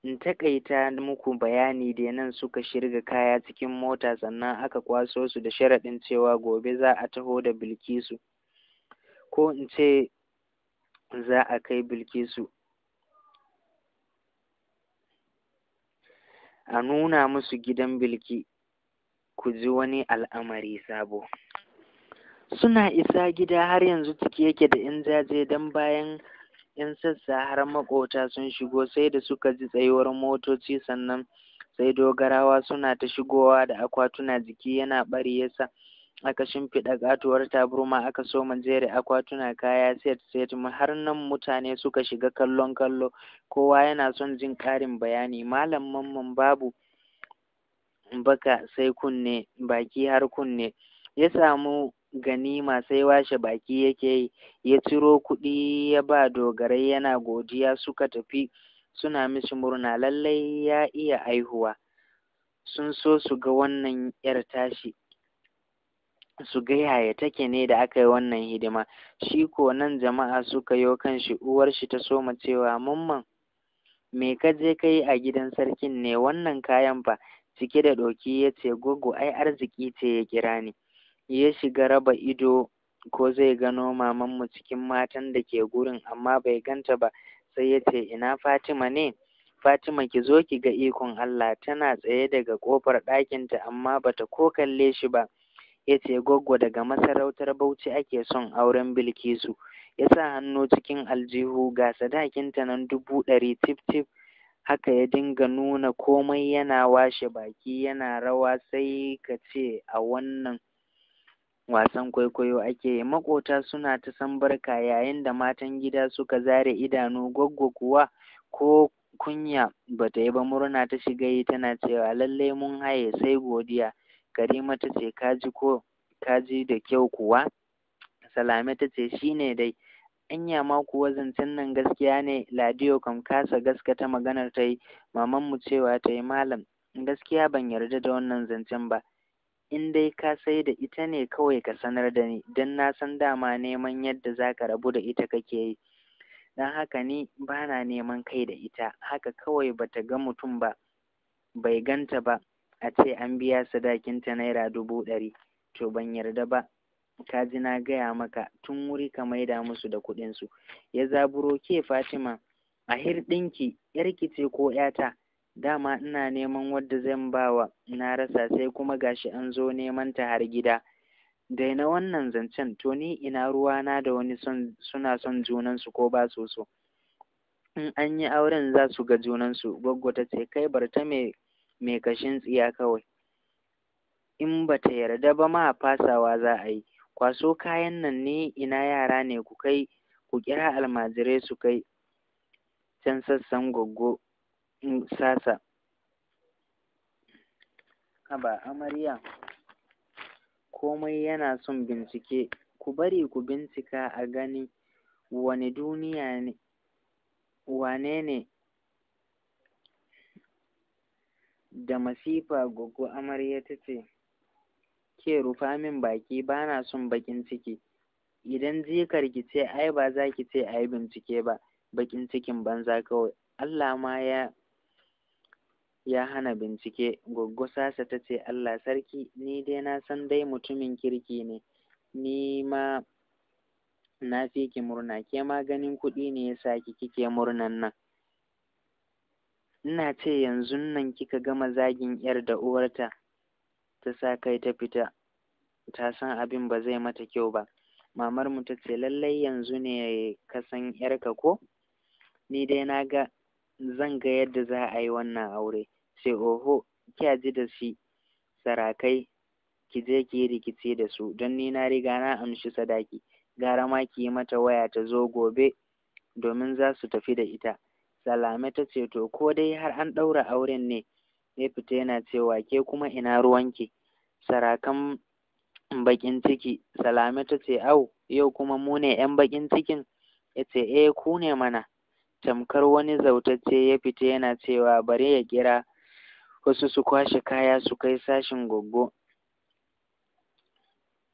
in takaita muku bayani da nan suka shirga kaya cikin mota sannan aka kwaso su da sharaɗin cewa gobe za a taho da bilkisu ko in ce za a kai bilkisu a nuna musu gidan bilki ku ji wani al'amari sabo suna isa gida har yanzu ciki yake da 'yan jaje don bayan 'yan sassa har maƙota sun shigo sai da suka ji tsayuwar motoci sannan sai dogarawa suna ta shigowa da akwatuna jiki yana ɓari yasa aka shimfiɗa ƙatuwar taburma aka soma jere akwatuna kaya set set har nan mutane suka shiga kallon kallo kowa yana son jin ƙarin bayani malam mamman babu baka sai kunne baki har kunne ya samu ganima sai washe baki yake yi ya ciro kuɗi ya ba dogarai yana godiya suka tafi suna mishi murna lallai ya iya aihuwa sun so su ga wannan yar tashi su ga yaya take ne da aka yi wannan hidima shi ko nan jama'a suka yo kan shi uwar shi ta soma cewa mamman me ka je ka yi a gidan sarkin ne wannan kayan fa cike da ɗoki ya ce goggo ai arziki ce ya kira ni ya shiga raba ido ko zai gano mamanmu cikin matan da ke gurin amma bai ganta ba sai ya ce ina fatima ne fatima ki zo ki ga ikon allah tana tsaye daga ƙofar ɗakinta amma bata ko kalle shi ba ya ce goggo daga masarautar bauchi ake son auren bilkisu ya sa hannu cikin aljihu ga sadakinta nan dubu ɗari tif tif haka ya dinga nuna komai yana washe baki yana rawa sai ka ce a wannan wasan kwaikwayo ake yi makota suna ta san barka, yayin da matan gida suka zare idanu gwaggo kuwa ko kunya bata yi ba murna ta shiga yi tana cewa lallai mun haye sai godiya karima ta ce kaji ko kaji da kyau kuwa salame ta ce shine dai anya ma kuwa zancen nan gaskiya ne ladiyo kam kasa gaskata maganar ta yi mamanmu cewa ta yi malam gaskiya ban yarda da wannan zancen ba in dai ka sai da ita ne kawai ka sanar da ni don na san dama neman yadda za ka rabu da ita kake yi don haka ni ba na neman kai da ita haka kawai ba ta ga mutum ba bai ganta ba a ce an biya sadakinta naira dubu ɗari to ban yarda ba ka ji na gaya maka tun wuri ka maida musu da kuɗinsu ya zaburo ke fatima a hirɗinki yarki ce ko 'yata dama ina neman wadda zan bawa na rasa sai kuma gashi an zo neman ta har gida daina wannan zancen to ni ina ruwa na da wani son suna son junansu ko ba su so in an yi auren za su ga junansu goggo ta ce kai bar ta mai mai kashin tsiya kawai in ba ta yarda ba ma fasawa za a yi kwaso kayan nan ne ina yara ne ku kai ku kira almajirai su kai can sassan gwaggo sasa haba amarya komai yana son bincike ku bari ku bincika a gani wani duniya ne wane ne da masifa goggo amarya ta ce ke rufa min baki ba na son bakin ciki idan jikar ki ce ai ba za ki ce ai bincike ba bakin cikin banza kawai Allah ma ya ya hana bincike goggo sasa ta ce allah sarki ni dai na san dai mutumin kirki ne ni ma na fi ki murna ke ma ganin kuɗi ne ya sa ki kike murnan nan ina ce yanzu nan kika gama zagin yar da uwarta ta sa kai ta fita ta san abin ba zai mata kyau ba mamar mu ta ce lallai yanzu ne ka san yarka ko ni dai na ga zan ga yadda za a yi wannan aure sai oho kya ji da shi sarakai ki je ki yi rikici da su don ni na riga na amshi sadaki gara ma ki yi mata waya ta zo gobe domin za su tafi da ita salame ta ce to ko dai har an ɗaura auren ne ya fita yana cewa ke kuma ina ruwanki sarakan bakin ciki salame ta ce au yau kuma mu ne yan bakin cikin ya ce eh ku ne mana tamkar wani zautacce ya fita yana cewa bari ya kira wasu su kwashe kaya su kai sashin goggo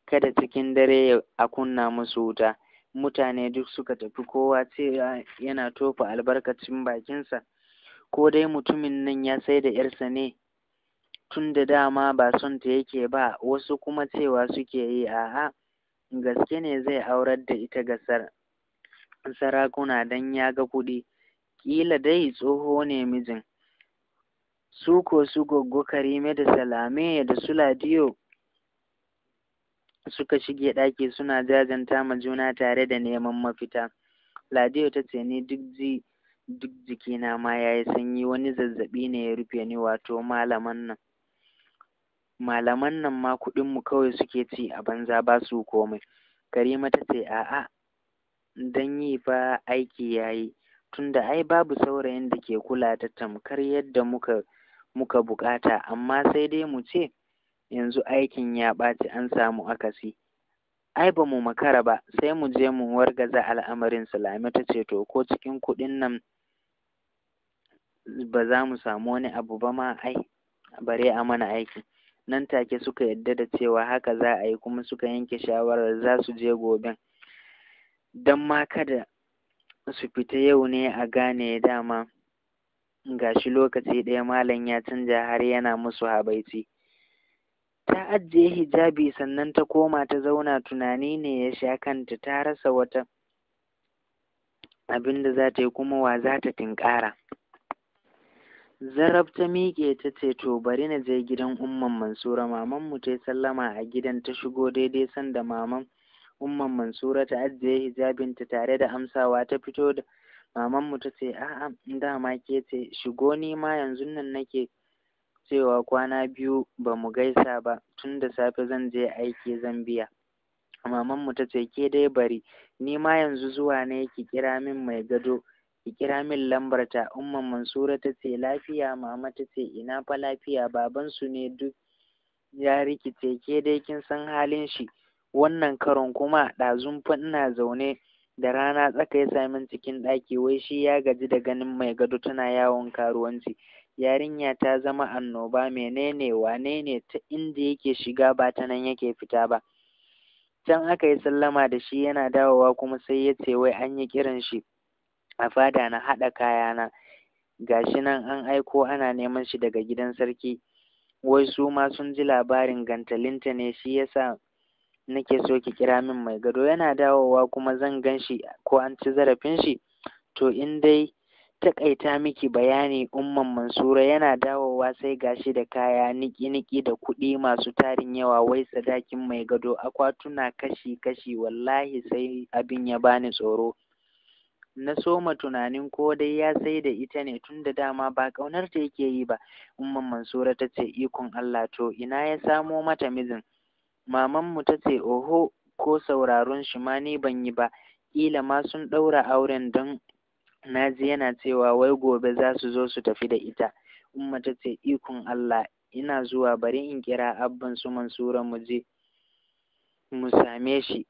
kada cikin dare a kunna musu wuta mutane duk suka tafi kowa ce yana tofa albarkacin bakinsa ko dai mutumin nan ya sai da yarsa ne tun da dama ba son ta yake ba wasu kuma cewa suke yi a'a gaske ne zai aurar da ita ga sarakuna don ya ga kuɗi ƙila dai tsoho ne mijin su su goggo karime da salame da su ladiyo suka shige ɗaki suna jajanta ma juna tare da neman mafita ladiyo ta ce ni duk ji duk jikina ma ya yi sanyi wani zazzabi ne ya rufe ni wato malaman nan malaman nan ma kuɗinmu kawai suke ci a banza ba su komai karima ta ce a'a dan yi fa aiki ya yi tunda ai babu saurayin da ke kula ta tamkar yadda muka muka buƙata amma sai dai mu ce yanzu aikin ya ɓaci an samu akasi ai ba mu makara ba sai mu je mu wargaza al'amarin salame ta ce to ko cikin kuɗin nan ba za mu samu wani abu ba ma ai bare a mana aiki nan take suka yadda da cewa haka za a yi kuma suka yanke shawarar za su je gobe. don ma kada su fita yau ne a gane dama gashi lokaci ɗaya malam ya canja har yana musu habaici ta ajiye hijabi sannan ta koma ta zauna tunani ne ya sha kanta ta rasa wata abin da za ta yi kuma wa za ta tinƙara zarab ta miƙe ta ce to bari na je gidan umman mansura mamanmu ta yi sallama a gidan ta shigo daidai sanda maman umman mansura ta ajiye hijabinta tare da amsawa ta fito da mamanmu ta ce a'a dama ke ce shigo ni ma yanzu nan nake cewa kwana biyu ba mu gaisa ba tun da safe zan je aiki zan biya mamanmu ta ce ke dai bari ni ma yanzu zuwa ne ki kira min mai gado ki kira min lambar ta umman mansura ta ce lafiya mama ta ce ina fa lafiya baban su ne duk ya rikice ke dai kin san halin shi wannan karon kuma ɗazun fa ina zaune da rana tsaka ya sami cikin ɗaki wai shi ya gaji da ganin mai gado tana yawon karuwanci yarinya ta zama annoba menene wanene ta inda yake shiga ba ta nan yake fita ba can aka yi sallama da shi yana dawowa kuma sai ya ce wai an yi kiran shi a fada na haɗa kayana gashi nan an aiko ana neman shi daga gidan sarki wai su ma sun ji labarin gantalinta ne shi yasa nake so ki kira min mai gado yana dawowa kuma zan gan shi ko an ci zarafin shi to in dai taƙaita miki bayani umman mansura yana dawowa sai gashi da kaya niki-niki da kuɗi masu tarin yawa wai sadakin mai gado akwatuna kashi-kashi wallahi sai abin ya bani tsoro na soma tunanin ko dai ya sai da ita ne tun da dama ba ƙaunar ta yake yi ba umman mansura ta ce ikon allah to ina ya samo mata mijin mamanmu ta ce oho ko sauraron shi ma ni ban yi ba ƙila ma sun ɗaura auren don na ji yana cewa wai gobe za su zo su tafi da ita umma ta ce ikon allah ina zuwa bari in kira abban su mansura mu je mu same shi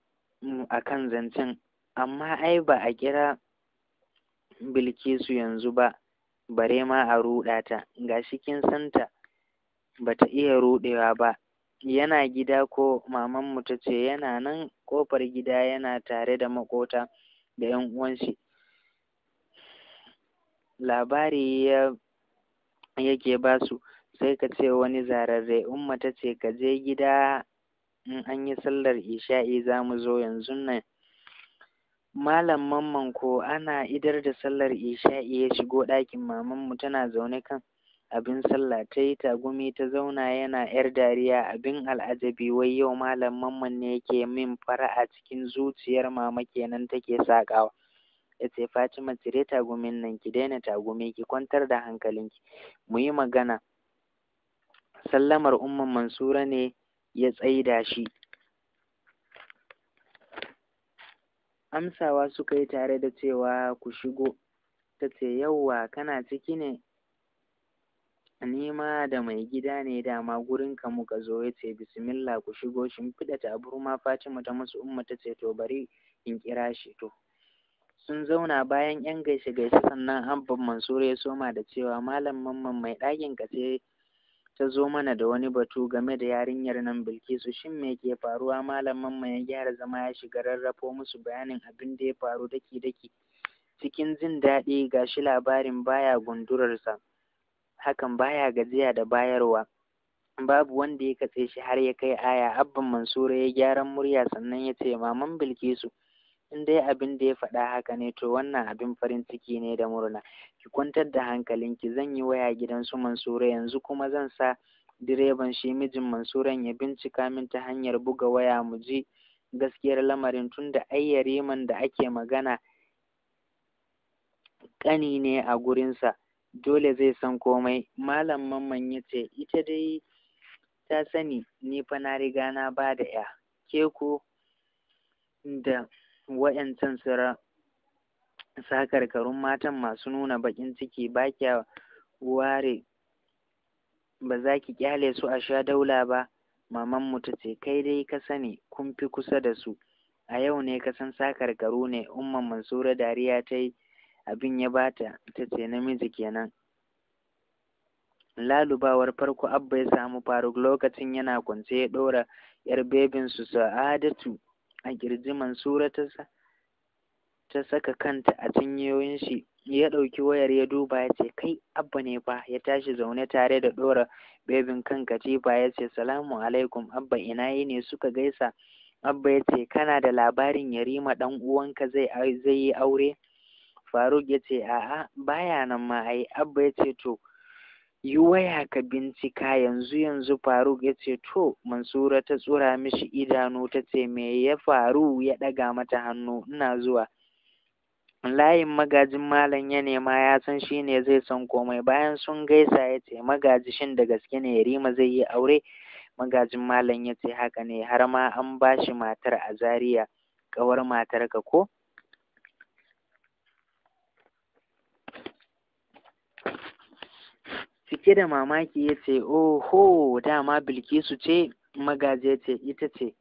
a kan zancen amma ai ba a kira bilkisu yanzu ba bare ma a ruɗa ta ga shi kin santa ba ta iya ruɗewa ba yana gida ko mamanmu ta ce yana nan ƙofar gida yana tare da makota da ‘yan uwanshi labari ya yake ba su sai ka ce wani zararre umma ta ce ka je gida in an yi sallar isha'i za mu zo yanzu nan malam mamman ko ana idar da sallar isha'i ya shigo ɗakin maman mu tana zaune kan abin sallah ta yi tagumi ta zauna yana ‘yar dariya abin al'ajabi wai yau malam mamman ne yake min fara? A cikin zuciyar mama kenan take sakawa. ya ce Fatima cire tagumin nan ki daina tagumi ki kwantar da hankalinki mu yi magana sallamar umman mansura ne ya tsaida shi amsawa suka yi tare da cewa ku shigo ta ce yauwa kana ciki ne nima da mai gida ne dama gurin gurinka muka zo ya ce bismillah ku shigo shimfiɗa tabarma fatima ta musu umma ta ce to bari in kira shi to sun zauna bayan yan gaishe gaishe sannan abban mansur ya soma da cewa malam mamman mai ɗakin ka ce ta zo mana da wani batu game da yarinyar nan bilkisu shin me ke faruwa malam mamman ya gyara zama ya shiga rarrafo musu bayanin abin da ya faru daki daki cikin jin daɗi gashi labarin baya gundurarsa hakan baya gajiya da bayarwa babu wanda ya katse shi har ya kai aya abban mansura ya gyaran murya sannan ya ce maman bilkisu in dai abin da ya faɗa haka ne to wannan abin farin ciki ne da murna ki kwantar da hankalinki zan yi waya gidan su mansura yanzu kuma zan sa direban shi mijin mansuran ya bincika min ta hanyar buga waya mu ji gaskiyar lamarin tunda ai yariman da ake magana ƙani ne a gurinsa dole zai san komai malam mamman ya ce ita dai ta sani ni fa na riga na ba da ya ke ko da wa'yancan sura sakarkarun matan masu nuna baƙin ciki ba kya ware ba za ki kyale su a sha daula ba mamanmu ta ce kai dai ka sani kun fi kusa da su a yau ne ka san sakarkaru ne umman mansura dariya ta yi abin ya bata ta ce namiji kenan lalubawar farko abba ya samu faruk lokacin yana kwance ya ɗora yar bebinsu sa'adatu a ƙirjiman mansura ta saka kanta a cinyoyin shi ya ɗauki wayar ya duba ya ce kai abba ne fa ya tashi zaune tare da ɗora bebin kan katifa ya ce salamu alaikum abba ina yi ne suka gaisa abba ya ce kana da labarin yarima ɗan uwanka zai yi aure Faruk ya ce a'a baya nan ma ai Abba ya ce to yi waya ka bincika yanzu yanzu Faruk ya ce to Mansura ta tsura mishi idanu ta ce me ya faru ya ɗaga mata hannu ina zuwa layin magajin malam ya nema ya san shi ne zai san komai bayan sun gaisa ya ce magaji shin da gaske ne Rima zai yi aure magajin malam ya ce haka ne har ma an ba shi matar a Zaria kawar ka ko cike da mamaki ya ce oho dama bilkisu ce magaje ce ita ce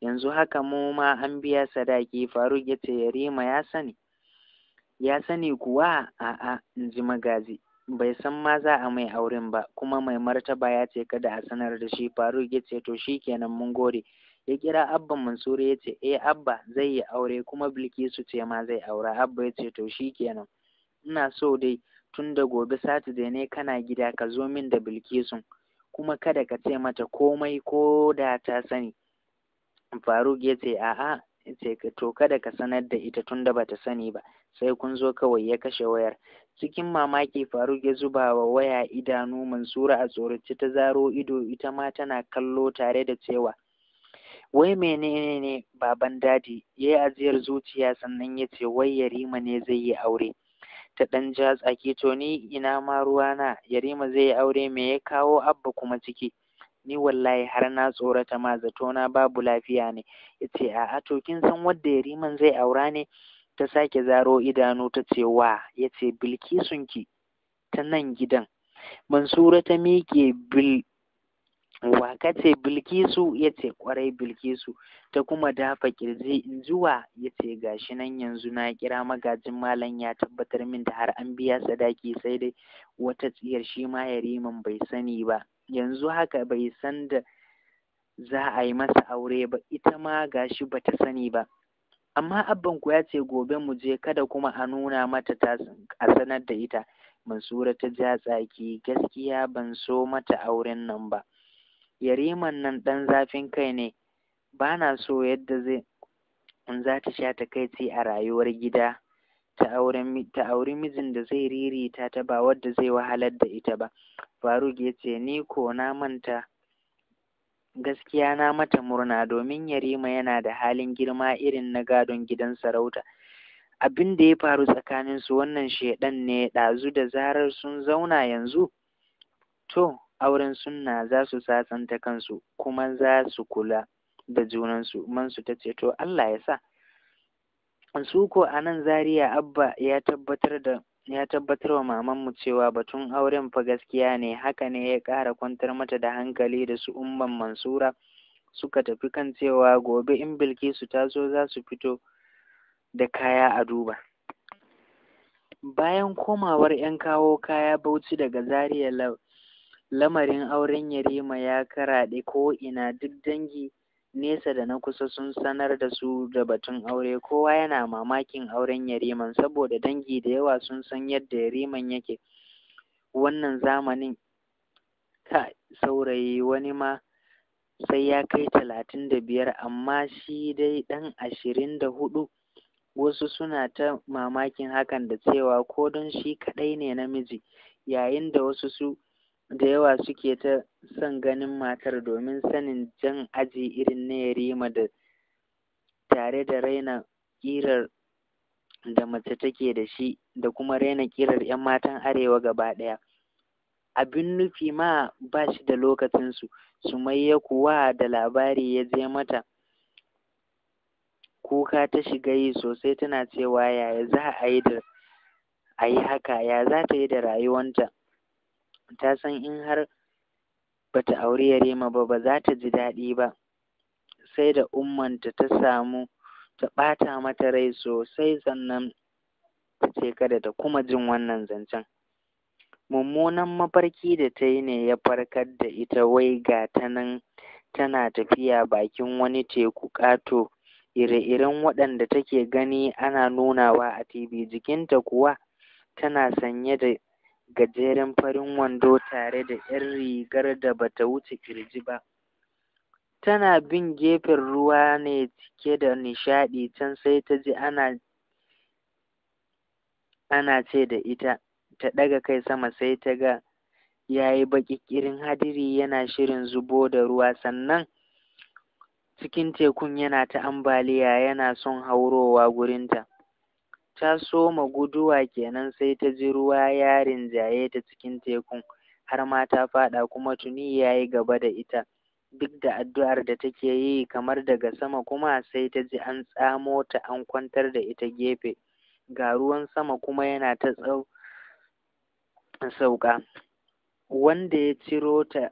yanzu haka mu ma an biya sadaki faruk ya ce yarima ya sani ya sani kuwa a'a in ji magaji bai san ma za a mai auren ba kuma mai martaba ya ce kada a sanar da shi faruk ya ce to kenan mun gode ya kira abba mansur ya ce eh abba zai yi aure kuma bilkisu ce ma zai aura abba ya ce to shi kenan ina so dai tunda gobe Saturday ne kana gida ka zo min da Bilkisun kuma kada ka ce mata komai ko da ta sani. Faruk ya ce a'a to kada ka sanar da ita tunda bata sani ba sai kun zo kawai ya kashe wayar cikin mamaki faruk ya zuba wa waya idanu mansura a tsorace ta zaro ido ita ma tana kallo tare da cewa wai menene ne baban dadi yayi yi ajiyar zuciya sannan ya ce wai yarima ne zai yi aure ta ɗan ja tsaki to ni ina ma ruwa na? yarima zai yi aure me ya kawo abba kuma ciki ni wallahi har na tsorata ma zato na, babu lafiya ne yace a'a to kin san wanda yariman zai aura ne ta sake zaro idanu ta ce wa yace bilkisunki ta nan gidan mansura ta miƙe bil wa ka ce bilkisu ya ce kwarai bilkisu ta kuma dafa kirji zuwa ya ce ga shi nan yanzu na kira magajin malam ya tabbatar min da har an biya sadaki sai dai wata tsiyar shi ma yariman bai sani ba yanzu haka bai san da za a yi masa aure ba ita ma gashi ba ta sani ba amma abban ku ya ce gobe mu je kada kuma a nuna mata ta a sanar da ita mansura ta ja tsaki gaskiya ban so mata auren nan ba yariman nan ɗan zafin kai ne ba na so yadda zai in za ta sha takaici a rayuwar gida ta auri mijin da zai ririta ta ba wadda zai wahalar da ita ba faruk ya ce ni ko na manta gaskiya na mata murna domin yarima yana da halin girma irin na gadon gidan sarauta abin da ya faru tsakaninsu wannan shaidan ne ɗazu da zarar sun zauna yanzu to auren sunna za su sasanta kansu kuma za su kula da junansu mansu ta ce to Allah ya sa su ko a nan zariya abba ya tabbatar da ya tabbatar wa mamanmu cewa batun auren fa gaskiya ne haka ne ya ƙara kwantar mata da hankali da su umman mansura suka tafi kan cewa gobe in bilkisu ta zo za su fito da kaya a duba bayan komawar 'yan kawo kaya bauchi daga zaria lamarin auren Yarima ya karaɗe ina duk dangi nesa da na kusa sun sanar da su da batun aure, kowa yana mamakin auren Yariman saboda dangi da yawa sun san yadda Yariman yake. Wannan zamanin ka saurayi wani ma sai ya kai talatin da biyar amma shi dai ɗan ashirin da huɗu wasu suna ta mamakin hakan da cewa ko don shi kaɗai ne namiji yayin da wasu su da yawa suke ta son ganin matar domin sanin jan aji irin na Yarima da tare da raina ƙirar da mace take da shi da kuma raina ƙirar 'yan matan Arewa gaba ɗaya. Abin nufi ma ba shi da lokacinsu, Sumayya kuwa da labari ya je mata. Kuka ta shiga yi sosai tana cewa yaya za a yi a yi haka, ya za ta yi da rayuwanta. ta san in har bata auri Yarima ba ba za ta ji daɗi ba sai da ummanta ta samu ta ɓata mata rai sosai sannan ta ce kada ta kuma jin wannan zancen mummunan mafarki da ta yi ne ya farkar da ita wai ga ta nan tana tafiya bakin wani teku ƙato ire-iren waɗanda take gani ana nunawa a TV jikinta kuwa tana sanye da gajeren farin wando tare da ƴar rigar da bata wuce ƙirji ba tana bin gefen ruwa ne cike da nishaɗi can sai ta ji ana ana ce da ita ta ɗaga kai sama sai ta ga ya yi baƙiƙirin hadiri yana shirin zubo da ruwa sannan cikin tekun yana ta ambaliya yana son haurowa gurinta ta soma guduwa kenan sai ta ji ruwa ya rinjaye ta cikin tekun har ma ta faɗa kuma tuni ya yi gaba da ita duk da addu'ar da take yi kamar daga sama kuma sai ta ji an tsamo ta an kwantar da ita gefe ga ruwan sama kuma yana ta tsau sauka wanda ya ciro ta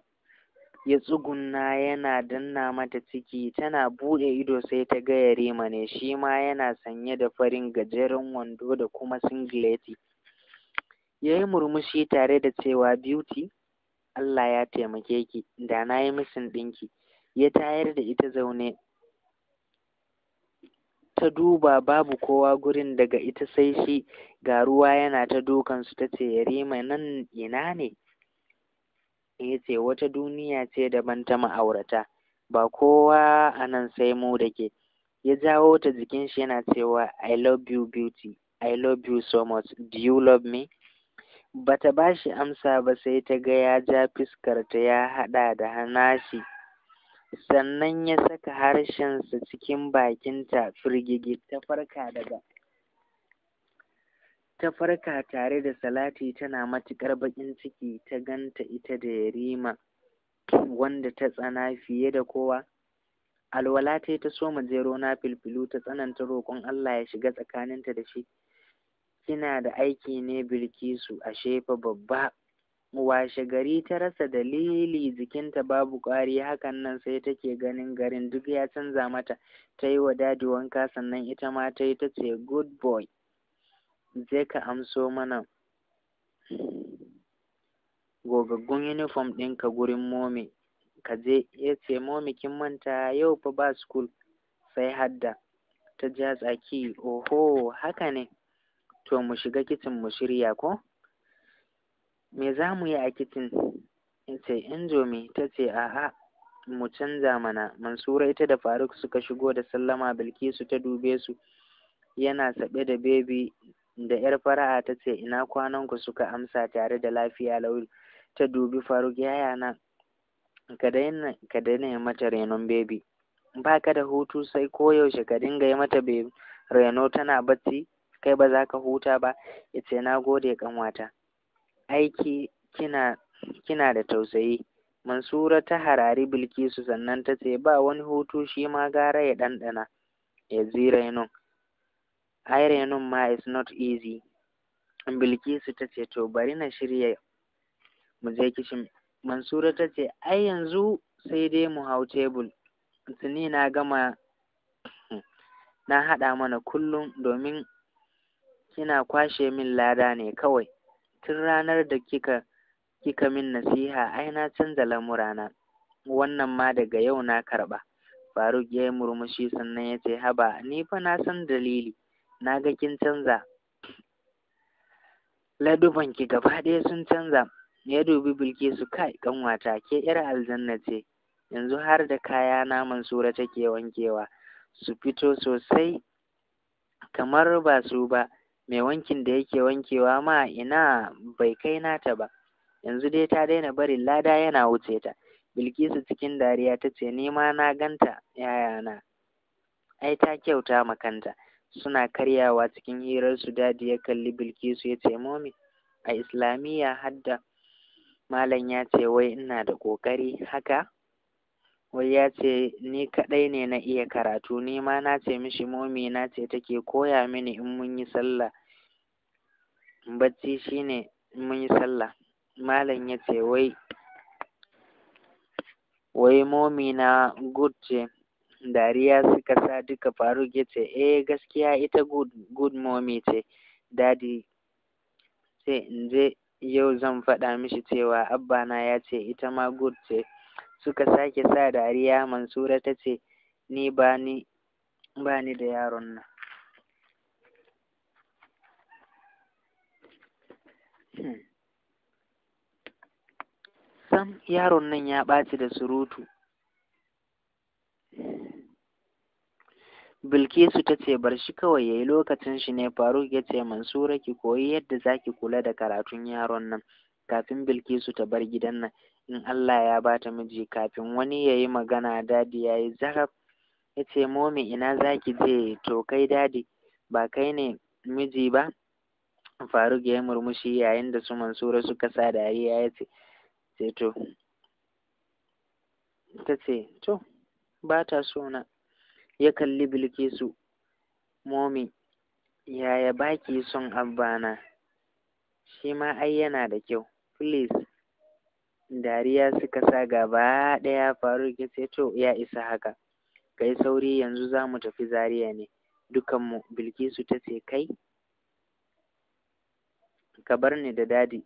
ya tsugunna yana danna mata ciki tana buɗe ido sai ta ga yarima ne shi ma yana sanye da farin gajeren wando da kuma singileti ya yi murmushi tare da cewa beauty allah ya taimake ki da na yi misin ɗinki ya tayar da ita zaune ta duba babu kowa gurin daga ita sai shi ga ruwa yana ta dukansu ta ce yarima nan ina ne ya ce wata duniya ce daban ta ma'aurata ba kowa a nan sai mu da ke ya jawo ta jikin shi yana cewa i love you beauty i love you so much do you love me Ba ta ba shi amsa ba sai ta ga ya ja fuskarta ya haɗa da hanashi sannan ya saka harshensa cikin bakinta firgigi ta farka daga ta farka tare da salati tana matuƙar baƙin ciki ta ganta ita da yarima wanda ta tsana fiye da kowa alwala ta ta so jero na filfilu ta tsananta roƙon allah ya shiga tsakaninta da shi kina da aiki ne bilkisu a shefa babba washe gari ta rasa dalili jikinta babu ƙwari hakan nan sai take ganin garin duk ya canza mata ta yi wa dadi wanka sannan ita ma ta yi ta ce good boy je ka amso mana gogaggun uniform ɗinka gurin momi ka je ya ce momi kin manta yau fa ba school sai hadda ta ja tsaki oho haka ne to mu shiga kicin mu shirya ko me za mu yi a kicin in ce indomi ta ce a'a mu canza mana mansura ita da faruk suka shigo da sallama bilkisu ta dube su yana saɓe da baby. da ‘yar fara'a ta ce ina kwananku suka amsa tare da lafiya lau ta dubi faruk yaya na ka daina ka mata renon bebi ba ka da hutu sai koyaushe ka dinga yi mata reno tana bacci kai ba za ka huta ba ya ce na gode kanwata aiki kina kina da tausayi mansura ta harari bilkisu sannan ta ce ba wani hutu shi ma gara ya ɗanɗana ya ji renon ai ma is not easy bilkisu ta ce to bari na shirya mu je kishin mansura ta ce ai yanzu sai dai mu hau tebul tuni na gama na haɗa mana kullum domin kina kwashe min lada ne kawai tun ranar da kika kika min nasiha ai na canza lamurana wannan ma daga yau na karɓa faruk ya yi murmushi sannan ya ce haba ni fa na san dalili na ga kin canza ki gaba ɗaya sun canza ya dubi bilkisu kai kanwata? ke yar aljanna ce yanzu har da kaya na mansura take wankewa su fito sosai kamar ba su ba mai wankin da yake wankewa ma ina bai kai nata ba yanzu dai ta daina barin lada yana wuce ta bilkisu cikin dariya ta ce ni na ganta yayana ai ta kyauta ma kanta suna karyawa cikin hirarsu dadi ya kalli bilkisu ya ce momi a islamiyya hadda malam ya ce wai ina da kokari haka wai ya ce ni kaɗai ne na iya karatu ni ma na ce mishi momi na ce take koya mini in mun yi sallah bacci shine in mun yi sallah malam ya ce wai wai momi na good ce dariya suka sa duka faruk ya ce eh gaskiya ita good, good ce dadi sai in je yau zan faɗa mishi cewa abba na ya ce ita ma good ce suka sake sa dariya mansura ta ce ni ba ni ba ni da yaron nan hmm. sam yaron nan ya ɓaci da surutu Bilkisu ta ce bar shi kawai yayi lokacin shi ne Faruk ya ce Mansura ki koyi yadda zaki kula da karatun yaron nan kafin Bilkisu ta bar gidan nan in Allah ya bata miji kafin wani ya yi magana dadi ya yi zaraf ya ce momi ina zaki je to kai dadi ba kai ne miji ba Faruk ya yi murmushi yayin da su Mansura suka sa dariya ya ce ta ce to ba ta so ya kalli bilkisu momi yaya ba ki son abbana shi ma ai yana da kyau please dariya suka sa gaba ɗaya faru ya ce to ya isa haka kai sauri yanzu za mu tafi zariya ne dukanmu bilkisu ta ce kai ka bar ni da dadi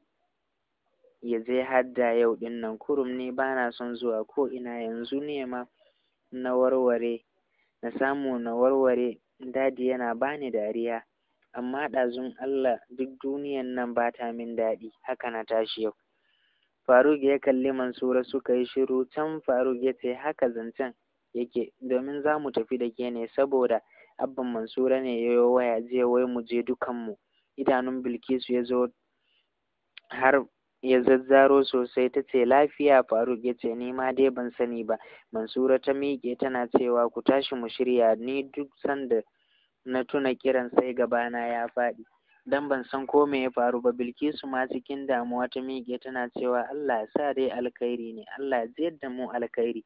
ya je hadda yau ɗin nan kurum ne ba na son zuwa ko ina yanzu ne ma na warware na samu na warware dadi yana bani dariya amma ɗazun Allah duk duniyan nan ba ta min daɗi haka na tashi yau Faruk ya kalli Mansura suka yi shiru can Faruk ya ce haka zancen yake domin za mu tafi da ke ne saboda abban Mansura ne ya yi waya jiya wai mu je dukanmu idanun Bilkisu ya zo har ya zazzaro sosai ta ce lafiya faruk ya ce ni dai ban sani ba mansura ta miƙe tana cewa ku tashi mu shirya ni duk sanda na tuna kiran sai gabana ya faɗi dan ban san ko me ya faru ba bilkisu ma cikin damuwa ta miƙe tana cewa allah sa dai alkhairi ne allah ziyar da mu alkhairi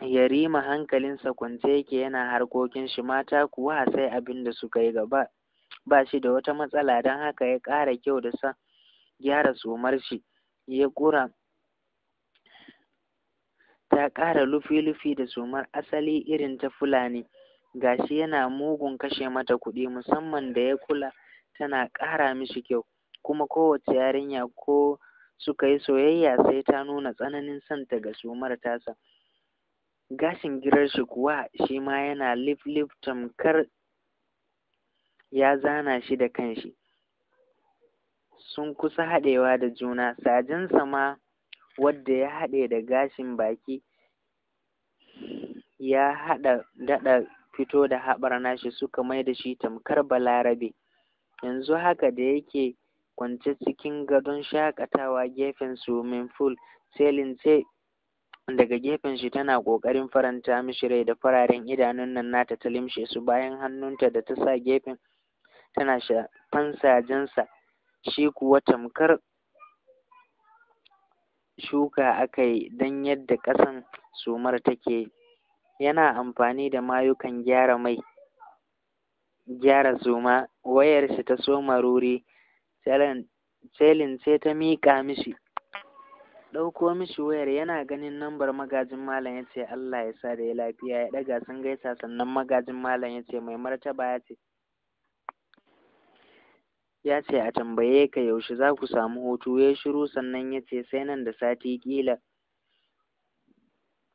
yarima hankalinsa kwance yake yana harkokin shi mata kuwa sai abin da suka yi gaba ba shi da wata matsala don haka ya ƙara kyau da sa gyara tsomar shi ya ƙura ta ƙara lufi-lufi da tsomar asali irin ta fulani gashi yana mugun kashe mata kuɗi musamman da ya kula tana ƙara mishi kyau kuma kowace yarinya ko suka yi soyayya sai ta nuna tsananin santa ga tsomar tasa gashin girar shi kuwa shi ma yana lif-lif tamkar ya zana shi da kanshi sun kusa haɗewa da juna sajensa ma wadda ya haɗe da gashin baki ya haɗa daɗa fito da haɓar nashi suka mai da shi tamkar balarabe yanzu haka da yake kwance cikin gadon shakatawa gefen swimming pool selin ce daga gefen shi tana ƙoƙarin faranta mishi rai da fararen idanun nan nata ta limshe su bayan hannunta da ta sa gefen tana shafan sajensa shi kuwa tamkar shuka aka yi don yadda ƙasan sumar take yana amfani da mayukan gyara mai gyara suma wayar shi ta soma ruri celin sai ta miƙa mishi ɗauko mishi wayar yana ganin lambar magajin malam ya ce Allah ya sa da ya lafiya ya ɗaga sun gaisa sannan magajin malam ya ce mai martaba ya ce ya ce a tambaye ka yaushe za ku samu hutu ya shiru sannan ya ce sai nan da sati kila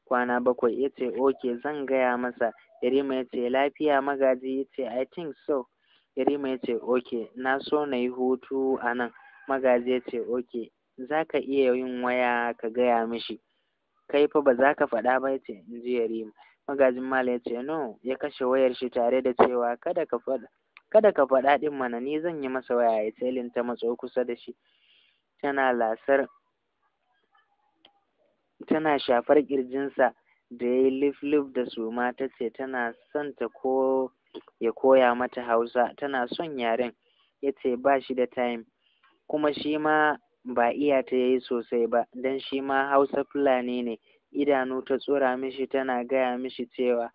kwana bakwai ya ce ok zan gaya masa irima ya ce lafiya magaji ya ce i think so Irima ya ce ok na so na yi hutu a nan magaji ya ce ok za ka iya yin waya ka gaya mishi kai fa ba za ka faɗa ba ya ce in ji yarima magajin mala ya ce no ya kashe wayar shi tare da cewa kada ka faɗa kada ka faɗa ɗin mana ni zan yi masa waya ya tsailin ta matso kusa da shi tana lasar tana shafar ƙirjinsa da ya yi lif-lif da suma ta ce tana son ta ko ya koya mata hausa tana son yaren ya ce ba shi da time kuma shi ma ba iya ta yi sosai ba don shi ma hausa fulani ne idanu ta tsura mishi tana gaya mishi cewa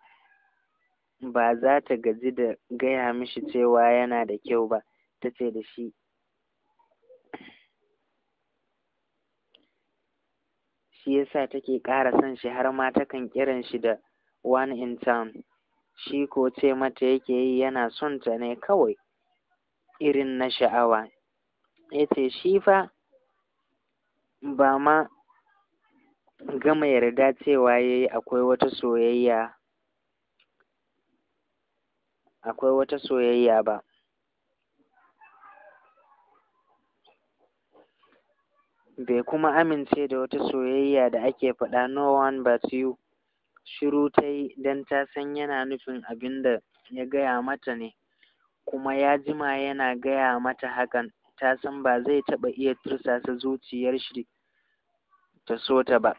ba za ta gaji da gaya mishi cewa yana da kyau ba ta ce da shi shi yasa take ƙara son shi har ma takan kiran shi da one in town shi ko ce mata yake yi yana son ta ne kawai irin na sha'awa ya ce shi fa ba ma gama yarda cewa ya yi akwai wata soyayya akwai wata soyayya ba bai kuma amince da wata soyayya da ake faɗa no one but you shiru ta yi don ta san yana nufin abin da ya gaya mata ne kuma ya jima yana gaya mata hakan ta san ba zai taɓa iya tursasa zuciyar shi ta so ta ba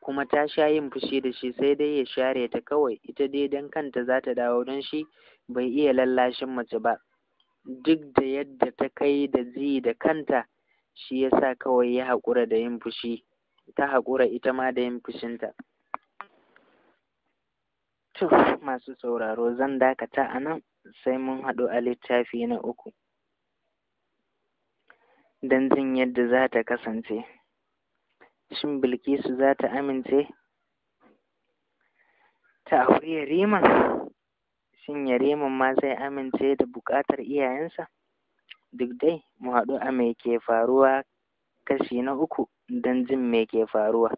kuma ta sha yin fushi da shi sai dai ya share ta kawai ita dai don kanta za ta dawo don shi bai iya lallashin mace ba duk da yadda ta kai da ji da kanta shi yasa kawai ya haƙura da yin fushi ta haƙura ita ma da yin fushinta to masu sauraro zan dakata a nan sai mun haɗu a littafi na uku don jin yadda za ta kasance shin bilkisu za ta amince ta auri yariman shin Yaremin ma zai amince da buƙatar iyayensa? Duk dai mu haɗu a me ke faruwa kashi na uku don jin me ke faruwa.